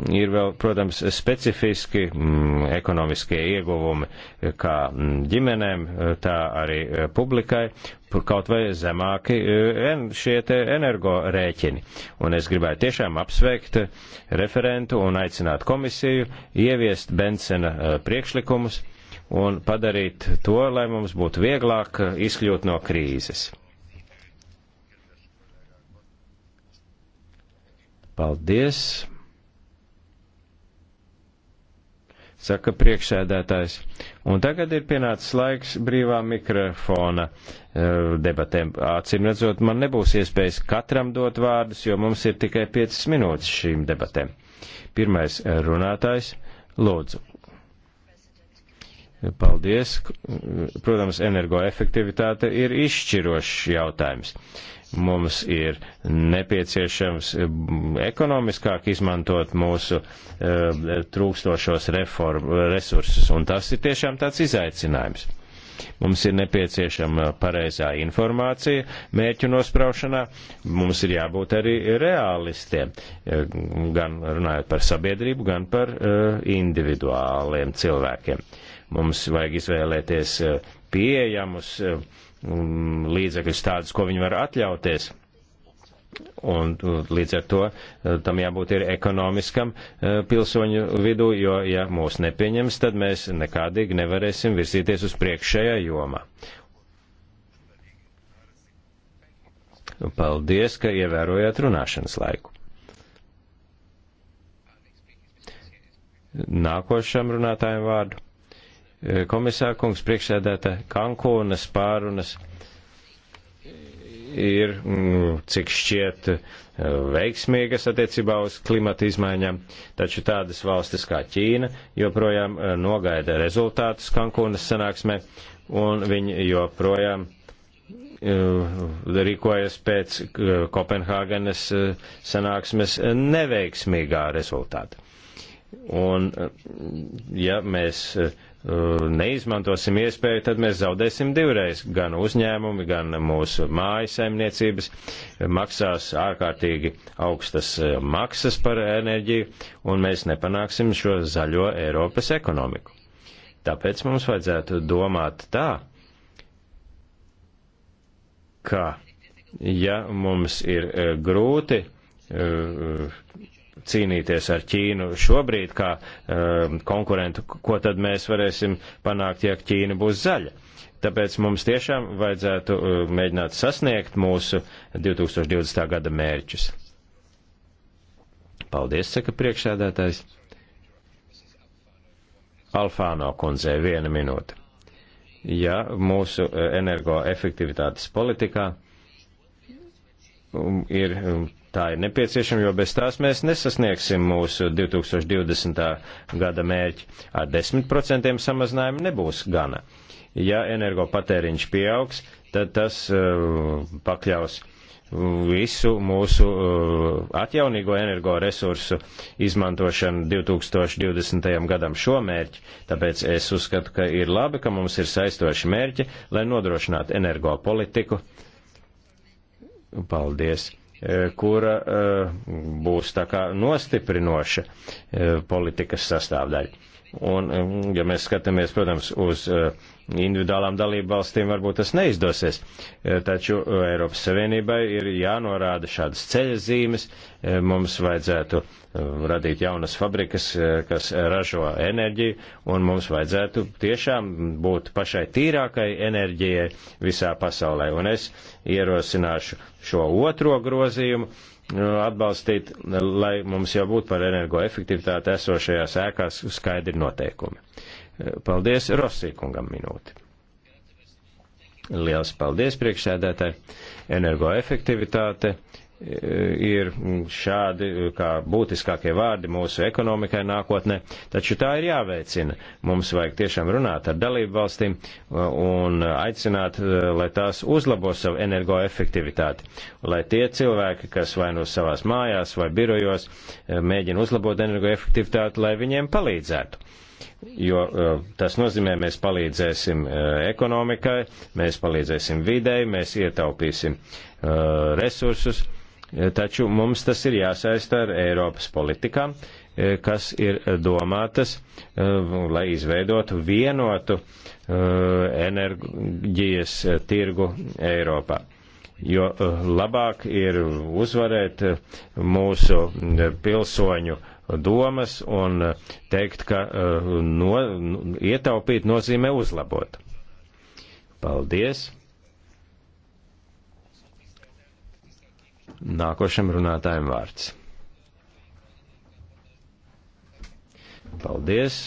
ir vēl, protams, specifiski m, mm, ekonomiskie ieguvumi kā mm, ģimenēm, tā arī eh, publikai, kaut vai zemāki eh, en, šie te energorēķini. Un es gribētu tiešām apsveikt eh, referentu un aicināt komisiju ieviest Bensena priekšlikumus un padarīt to, lai mums būtu vieglāk izkļūt no krīzes. Paldies! saka priekšsēdētājs. Un tagad ir pienācis laiks brīvā mikrofona eh, debatēm. Acīm redzot, man nebūs iespējas katram dot vārdus, jo mums ir tikai 5 minūtes šīm debatēm. Pirmais runātājs, lūdzu. Paldies. Protams, energoefektivitāte ir izšķirošs jautājums. Mums ir nepieciešams eh, ekonomiskāk izmantot mūsu uh, trūkstošos reformu resursus, un tas ir tiešām tāds izaicinājums. Mums ir nepieciešama pareizā informācija mērķu nospraušanā, mums ir jābūt arī realistiem, eh, gan runājot par sabiedrību, gan par uh, individuāliem cilvēkiem. Mums vajag izvēlēties uh, pieejamus uh, Um, līdzekļus tādus, ko viņi var atļauties. Un līdz ar to uh, tam jābūt ir ekonomiskam uh, pilsoņu vidū, jo ja mūs nepieņems, tad mēs nekādīgi nevarēsim virzīties uz priekšējā jomā. Paldies, ka ievērojāt runāšanas laiku. Nākošam runātājiem vārdu komisārkungs priekšsēdētā Kankūnas pārunas ir, mm, cik šķiet, veiksmīgas attiecībā uz klimata izmaiņām, taču tādas valstis kā Ķīna joprojām eh, nogaida rezultātus Kankūnas sanāksmē, un viņi joprojām eh, rīkojas pēc eh, Kopenhāgenes sanāksmes neveiksmīgā rezultāta. Un, ja mēs Uh, neizmantosim iespēju, tad mēs zaudēsim divreiz. Gan uzņēmumi, gan mūsu mājasaimniecības maksās ārkārtīgi augstas uh, maksas par enerģiju, un mēs nepanāksim šo zaļo Eiropas ekonomiku. Tāpēc mums vajadzētu domāt tā, ka ja mums ir uh, grūti cīnīties ar Ķīnu šobrīd kā um, konkurentu, ko tad mēs varēsim panākt, ja Ķīna būs zaļa. Tāpēc mums tiešām vajadzētu uh, mēģināt sasniegt mūsu 2020. gada mērķus. Paldies, saka priekšsēdētājs. Alfāno kundzei viena minūte. Ja mūsu uh, energoefektivitātes politikā um, ir um, Tā ir nepieciešama, jo bez tās mēs nesasniegsim mūsu 2020. gada mērķi. Ar 10% samazinājumu nebūs gana. Ja energopatēriņš pieaugs, tad tas uh, pakļaus visu mūsu uh, atjaunīgo energoresursu izmantošanu 2020. gadam šo mērķi, tāpēc es uzskatu, ka ir labi, ka mums ir saistoši mērķi, lai nodrošinātu energo politiku. Paldies! Eh, kura eh, būs tā kā nostiprinoša eh, politikas sastāvdaļa. Un, ja mēs skatāmies, protams, uz e, individuālām dalību valstīm, varbūt tas neizdosies. E, taču e, Eiropas Savienībai ir jānorāda šādas ceļazīmes. Mums vajadzētu radīt jaunas fabrikas, kas ražo enerģiju, un mums vajadzētu tiešām būt pašai tīrākai enerģijai visā pasaulē. Un es ierosināšu šo otro grozījumu atbalstīt, lai mums jau būtu par energoefektivitāti esošajās ēkās skaidri noteikumi. Paldies Rosīkungam minūti. Liels paldies priekšsēdētāji. Energoefektivitāte ir šādi kā būtiskākie vārdi mūsu ekonomikai nākotnē, taču tā ir jāveicina. Mums vajag tiešām runāt ar dalību valstīm un aicināt, eh, lai tās uzlabo savu energoefektivitāti, lai tie cilvēki, kas vai no nu savās mājās vai birojos eh, mēģina uzlabot energoefektivitāti, lai viņiem palīdzētu jo eh, tas nozīmē, mēs palīdzēsim ekonomikai, mēs palīdzēsim videi, mēs ietaupīsim resursus Eh, taču mums tas ir jāsaista ar Eiropas politikām, eh, kas ir domātas, eh, lai izveidotu vienotu enerģijas tirgu Eiropā jo labāk ir uzvarēt mūsu pilsoņu domas un teikt, ka no, nu, ietaupīt nozīmē uzlabot. Paldies! Nākošam runātājiem vārds. Paldies!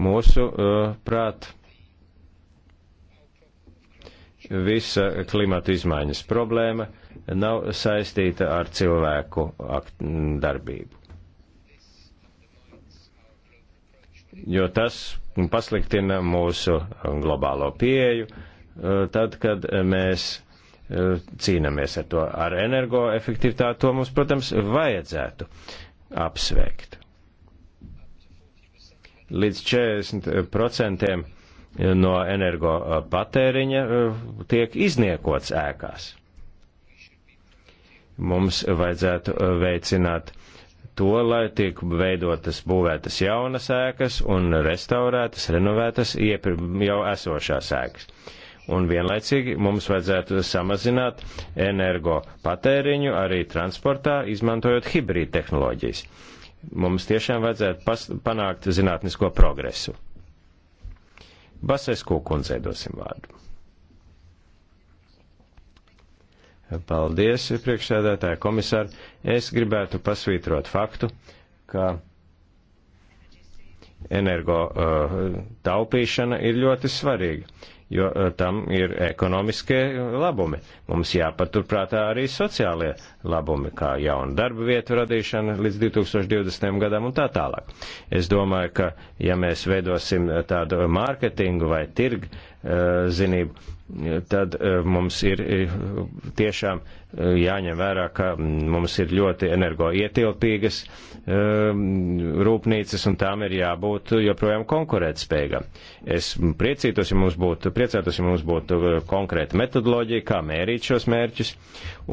Mūsu uh, prāt visa klimata izmaiņas problēma nav saistīta ar cilvēku darbību. Jo tas pasliktina mūsu globālo pieeju, uh, Eh, tad, kad eh, mēs eh, cīnāmies ar to. Ar energoefektivitāti to mums, protams, vajadzētu apsveikt. Līdz 40% no energo patēriņa tiek izniekots ēkās. Mums vajadzētu veicināt to, lai tiek veidotas, būvētas jaunas ēkas un restaurētas, renovētas jau esošās ēkas un vienlaicīgi mums vajadzētu samazināt energo patēriņu arī transportā, izmantojot hibrīd tehnoloģijas. Mums tiešām vajadzētu pas, panākt zinātnisko progresu. Basēs Kūkundzei dosim vārdu. Paldies, priekšsēdētāja komisāra. Es gribētu pasvītrot faktu, ka energo uh, taupīšana ir ļoti svarīga jo eh, tam ir ekonomiskie labumi. Mums jāpaturprātā arī sociālie labumi, kā jauna darba vietu radīšana līdz 2020. gadam un tā tālāk. Es domāju, ka ja mēs veidosim eh, tādu mārketingu vai tirgu, Eh, zinību, tad eh, mums ir eh, tiešām jāņem vērā, ka mums ir ļoti energoietilpīgas rūpnīcas un tām ir jābūt joprojām konkurētspējīgām. Es priecītos, ja mums būtu, priecētos, ja mums būtu konkrēta metodoloģija, kā mērīt šos mērķus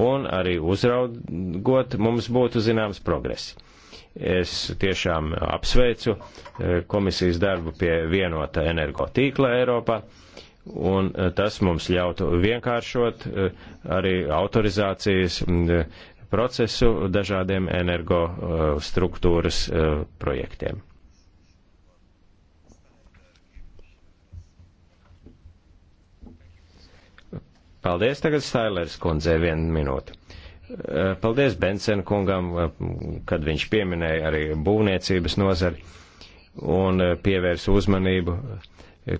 un arī uzraugot mums būtu zināms progress. Es tiešām apsveicu eh, komisijas darbu pie vienota energotīkla Eiropā, un eh, tas mums ļautu vienkāršot eh, arī autorizācijas mm, procesu dažādiem energo struktūras projektiem. Paldies, tagad Stailers kundze, vienu minūti. Eh, paldies Bensen kungam, eh, kad viņš pieminēja arī būvniecības nozari un eh, pievērsa uzmanību,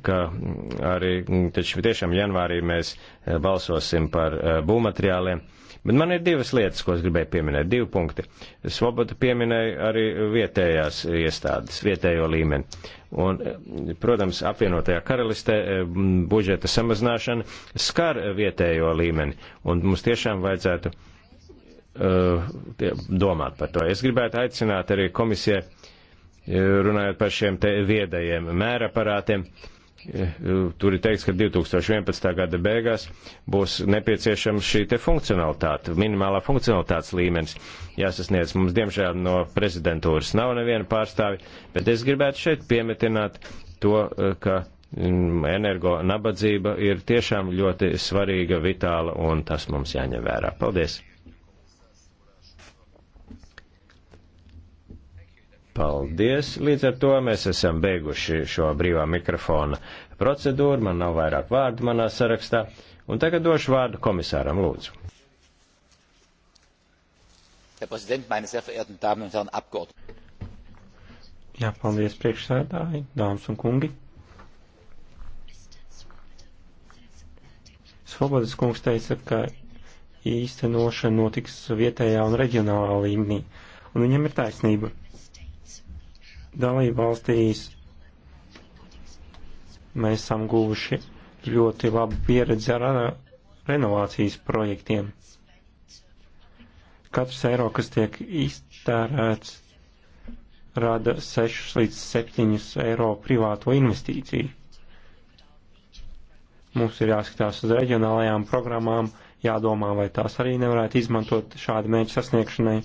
ka arī, mm, taču tiešām janvārī mēs balsosim par būvmateriāliem. Bet man ir divas lietas, ko es gribēju pieminēt, divi punkti. Svoboda pieminēja arī vietējās iestādes, vietējo līmeni. Un, protams, apvienotajā karalistē budžeta samazināšana skar vietējo līmeni, un mums tiešām vajadzētu uh, Uh, domāt par to. Es gribētu aicināt arī komisijai, uh, runājot par šiem te viedajiem mēraparātiem, uh, tur ir teikts, ka 2011. gada beigās būs nepieciešama šī te funkcionalitāte, minimālā funkcionalitātes līmenis jāsasniedz. Mums, diemžēl, no prezidentūras nav neviena pārstāvi, bet es gribētu šeit piemetināt to, ka mm, energo nabadzība ir tiešām ļoti svarīga, vitāla, un tas mums jāņem vērā. Paldies! Paldies! Līdz ar to mēs esam beiguši šo brīvā mikrofona procedūru. Man nav vairāk vārdu manā sarakstā. Un tagad došu vārdu komisāram Lūdzu. Herr Präsident, meine sehr verehrten Damen und Herren Abgeordneten. Jā, paldies priekšsēdāji, dāmas un kungi. Svobodas kungs teica, ka īstenošana notiks vietējā un reģionālā līmenī, un viņam ir taisnība dalību valstīs mēs esam guvuši ļoti labu pieredzi ar renovācijas projektiem. Katrs eiro, kas tiek iztērēts, rada 6 līdz 7 eiro privāto investīciju. Mums ir jāskatās uz reģionālajām programmām, jādomā, vai tās arī nevarētu izmantot šādu mērķu sasniegšanai.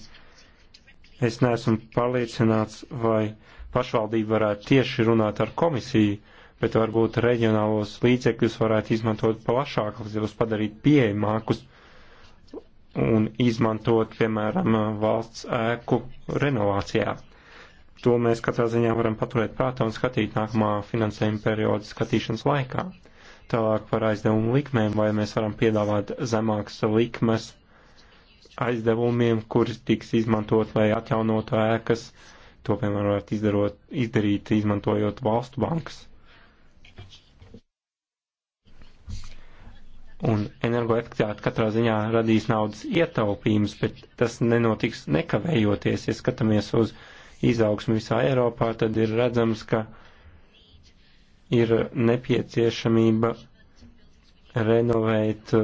Es neesmu pārliecināts, vai uh, pašvaldība varētu tieši runāt ar komisiju, bet varbūt reģionālos līdzekļus varētu izmantot plašāk, lai tos padarītu pieejamākus un izmantot, piemēram, valsts ēku renovācijā. To mēs katrā ziņā varam paturēt prātā un skatīt nākamā finansējuma perioda skatīšanas laikā. Tālāk par aizdevumu likmēm, vai mēs varam piedāvāt zemākas likmes aizdevumiem, kuras tiks izmantot, lai atjaunotu ēkas, uh, To, piemēram, varētu izdarot, izdarīt, izmantojot valstu bankas. Un energoefektivitāte katrā ziņā radīs naudas ietaupījumus, bet tas nenotiks nekavējoties. Ja skatāmies uz izaugsmu visā Eiropā, tad ir redzams, ka ir nepieciešamība renovēt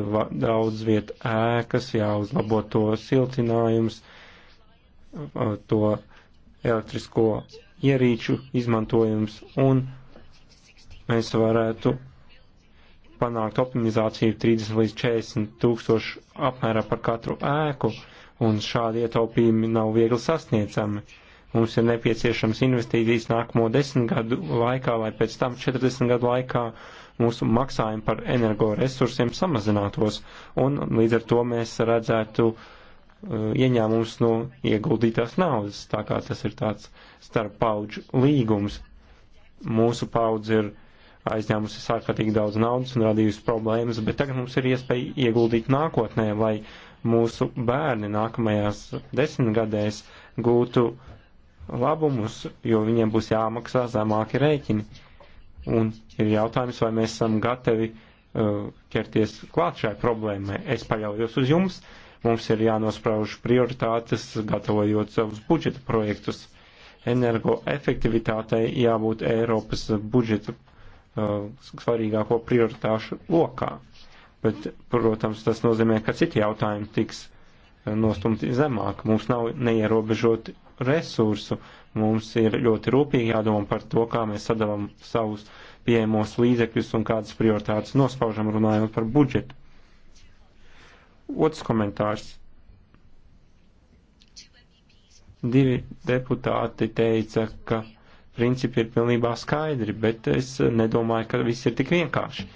daudz vietu ēkas, jāuzlabo to siltinājums, to elektrisko ierīču izmantojums un mēs varētu panākt optimizāciju 30 līdz 40 tūkstošu apmērā par katru ēku un šādi ietaupījumi nav viegli sasniedzami. Mums ir nepieciešams investīcijas nākamo desmit gadu laikā, lai pēc tam 40 gadu laikā mūsu maksājumi par energoresursiem samazinātos, un līdz ar to mēs redzētu uh, Eh, ieņēmums no ieguldītās naudas, tā kā tas ir tāds starp paudžu līgums. Mūsu paudze ir aizņēmusi sārkārtīgi daudz naudas un radījusi problēmas, bet tagad mums ir iespēja ieguldīt nākotnē, lai mūsu bērni nākamajās desmitgadēs gūtu labumus, jo viņiem būs jāmaksā zemāki rēķini. Un ir jautājums, vai mēs esam gatavi uh, ķerties klāt šai problēmai. Es paļaujos uz jums. Uh, Mums ir jānosprauž prioritātes, gatavojot savus budžeta projektus. Energoefektivitātei jābūt Eiropas budžeta uh, svarīgāko prioritāšu lokā. Bet, protams, tas nozīmē, ka citi jautājumi tiks uh, nostumti zemāk. Mums nav neierobežoti resursu. Mums ir ļoti rūpīgi jādomā par to, kā mēs sadalām savus pieejamos līdzekļus un kādas prioritātes nospaužam runājot par budžetu. Otrs komentārs. Divi deputāti teica, ka principi ir pilnībā skaidri, bet es nedomāju, ka viss ir tik vienkārši.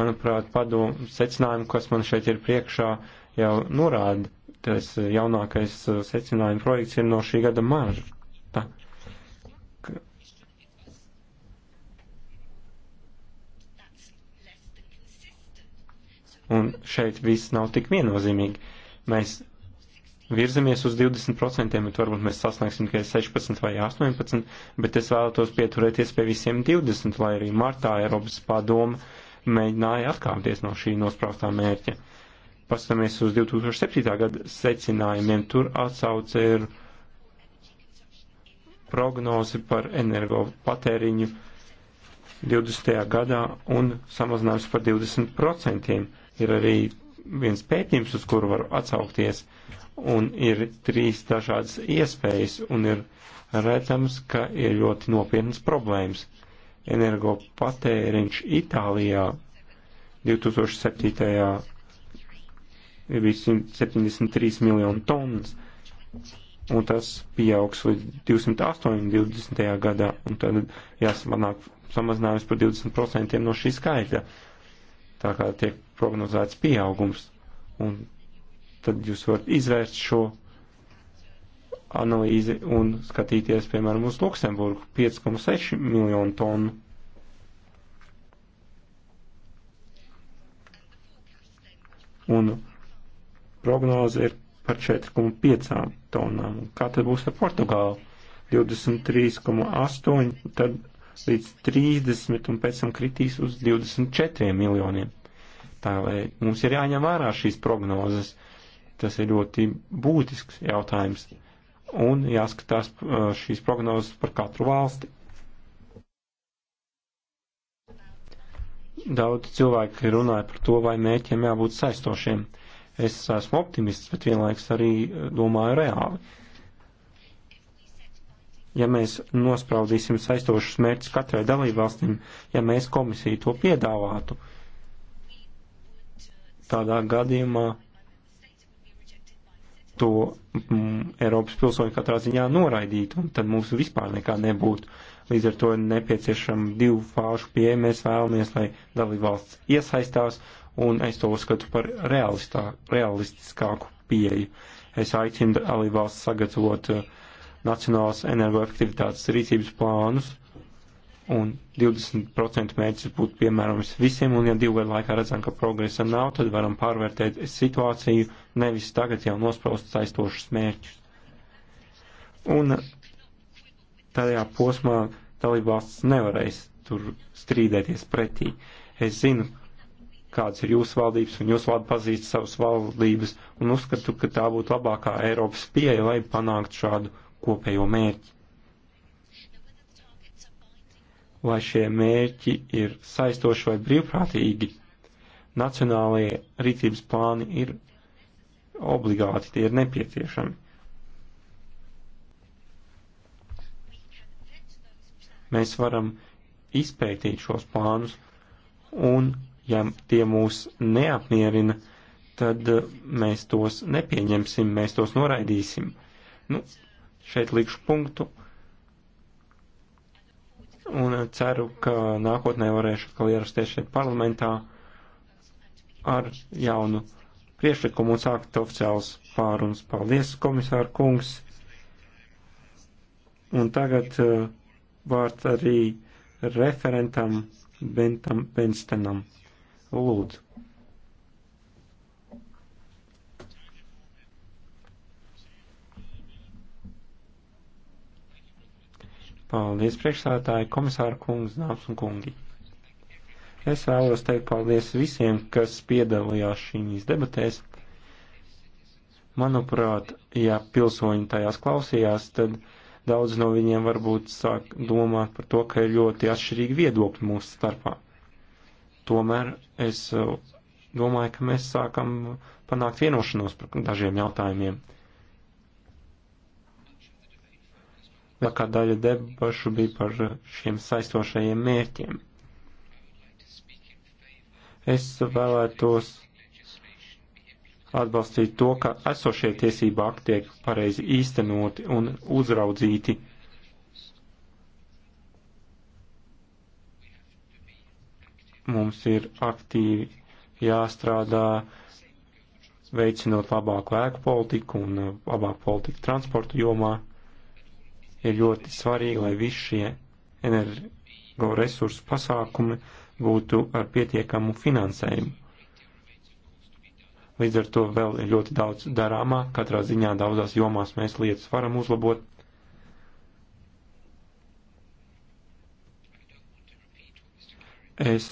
Manuprāt, padomu secinājumu, kas man šeit ir priekšā, jau norāda, tas jaunākais secinājuma projekts ir no šī gada marža. un šeit viss nav tik viennozīmīgi. Mēs virzamies uz 20%, bet varbūt mēs sasniegsim tikai 16 vai 18, bet es vēlētos pieturēties pie visiem 20, lai arī martā Eiropas padoma mēģināja atkāpties no šī nospraustā mērķa. Paskatāmies uz 2007. gada secinājumiem, tur atsauce ir prognozi par energo patēriņu 20. gadā un samazinājums par 20%. Ir arī viens pētījums, uz kuru var atsaukties, un ir trīs dažādas iespējas, un ir redzams, ka ir ļoti nopietnas problēmas. Energo patēriņš Itālijā 2007. ir 73 miljonu tonnas, un tas pieaugs līdz 208 20. gadā, un tad jāsamanāk samazinājums par 20% no šī skaita tā kā tiek prognozēts pieaugums. Un tad jūs varat izvērst šo analīzi un skatīties, piemēram, uz Luksemburgu 5,6 miljonu tonu. Un prognoze ir par 4,5 tonām. Kā tad būs ar Portugālu? 23,8, tad līdz 30 un pēc tam kritīs uz 24 miljoniem. Tā lai mums ir jāņem vērā šīs prognozes, tas ir ļoti būtisks jautājums un jāskatās uh, šīs prognozes par katru valsti. Daudz cilvēki runāja par to, vai mērķiem jābūt saistošiem. Es esmu optimists, bet vienlaiks arī uh, domāju reāli ja mēs nospraudīsim saistošus mērķus katrai dalībvalstīm, ja mēs komisiju to piedāvātu. Tādā gadījumā to mm, Eiropas pilsoņi katrā ziņā noraidītu, un tad mums vispār nekā nebūtu. Līdz ar to ir nepieciešama divu fāžu pieeja. Mēs vēlamies, lai dalībvalsts iesaistās, un es to uzskatu par realistā, realistiskāku pieeju. Es aicinu dalībvalsts sagatavot uh, nacionālās energoefektivitātes rīcības plānus, un 20% mērķis būtu piemērams visiem, un ja divu gadu laikā redzam, ka progresa nav, tad varam pārvērtēt situāciju, nevis tagad jau nospraust saistošus mērķus. Un tajā posmā dalībvalsts nevarēs tur strīdēties pretī. Es zinu, kādas ir jūsu valdības, un jūs labi pazīstat savas valdības, un uzskatu, ka tā būtu labākā Eiropas pieeja, lai panāktu šādu kopējo mērķi. Vai šie mērķi ir saistoši vai brīvprātīgi, nacionālajie rīcības plāni ir obligāti, tie ir nepieciešami. Mēs varam izpētīt šos plānus, un ja tie mūs neapmierina, tad mēs tos nepieņemsim, mēs tos noraidīsim. Nu, šeit likšu punktu un ceru, ka nākotnē varēšu atkal ierasties šeit parlamentā ar jaunu priešlikumu un sākt oficiāls pārunas. Paldies, komisāra kungs! Un tagad uh, vārds arī referentam Bentam Benstenam. Lūdzu. Paldies, priekšsādātāji, komisāra kungs, dāmas un kungi. Es vēlos teikt paldies visiem, kas piedalījās šīs debatēs. Manuprāt, ja pilsoņi tajās klausījās, tad daudz no viņiem varbūt sāk domāt par to, ka ir ļoti atšķirīgi viedokļi mūsu starpā. Tomēr es uh, domāju, ka mēs sākam panākt vienošanos par dažiem jautājumiem. lielākā daļa debašu bija par šiem saistošajiem mērķiem. Es vēlētos atbalstīt to, ka esošie tiesība akti tiek pareizi īstenoti un uzraudzīti. Mums ir aktīvi jāstrādā, veicinot labāku ēku politiku un labāku politiku transportu jomā. Ir ļoti svarīgi, lai visi šie energoresursu pasākumi būtu ar pietiekamu finansējumu. Līdz ar to vēl ir ļoti daudz darāmā, katrā ziņā daudzās jomās mēs lietas varam uzlabot. Es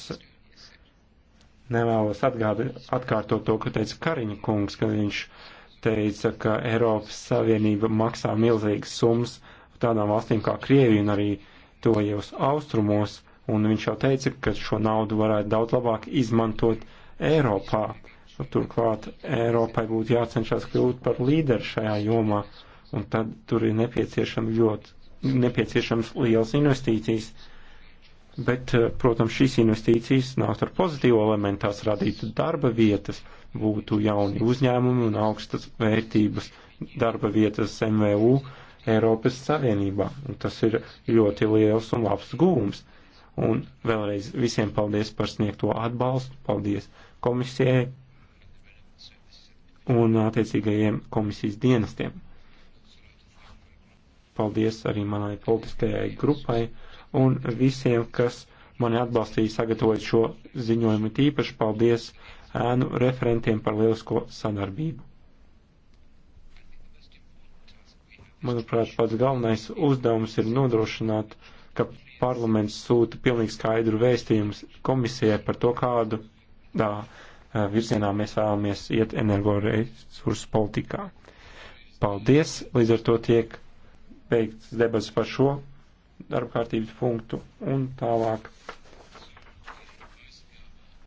nevēlos atgādi, atkārtot to, ko teica Kariņa kungs, kad viņš teica, ka Eiropas Savienība maksā milzīgas summas uh, tādām valstīm kā Krievija un arī tojos austrumos, un viņš jau teica, ka šo naudu varētu daudz labāk izmantot Eiropā. Turklāt Eiropai būtu jācenšas kļūt par līderu šajā jomā, un tad tur ir nepieciešams ļoti, nepieciešams liels investīcijas. Bet, eh, protams, šīs investīcijas nāk ar pozitīvu elementu, tās radītu darba vietas, būtu jauni uzņēmumi un augstas vērtības darba vietas MVU, Eiropas Savienībā. Un tas ir ļoti liels un labs gūms. Un vēlreiz visiem paldies par sniegto atbalstu, paldies komisijai un attiecīgajiem komisijas dienestiem. Paldies arī manai politiskajai grupai un visiem, kas mani atbalstīja sagatavot šo ziņojumu. Tīpaši paldies ēnu referentiem par lielisko sadarbību. Manuprāt, pats galvenais uzdevums ir nodrošināt, ka parlaments sūta pilnīgi skaidru vēstījumu komisijai par to, kādu tā, virzienā mēs vēlamies iet energoresursu politikā. Paldies! Līdz ar to tiek beigts debats par šo darbkārtības punktu un tālāk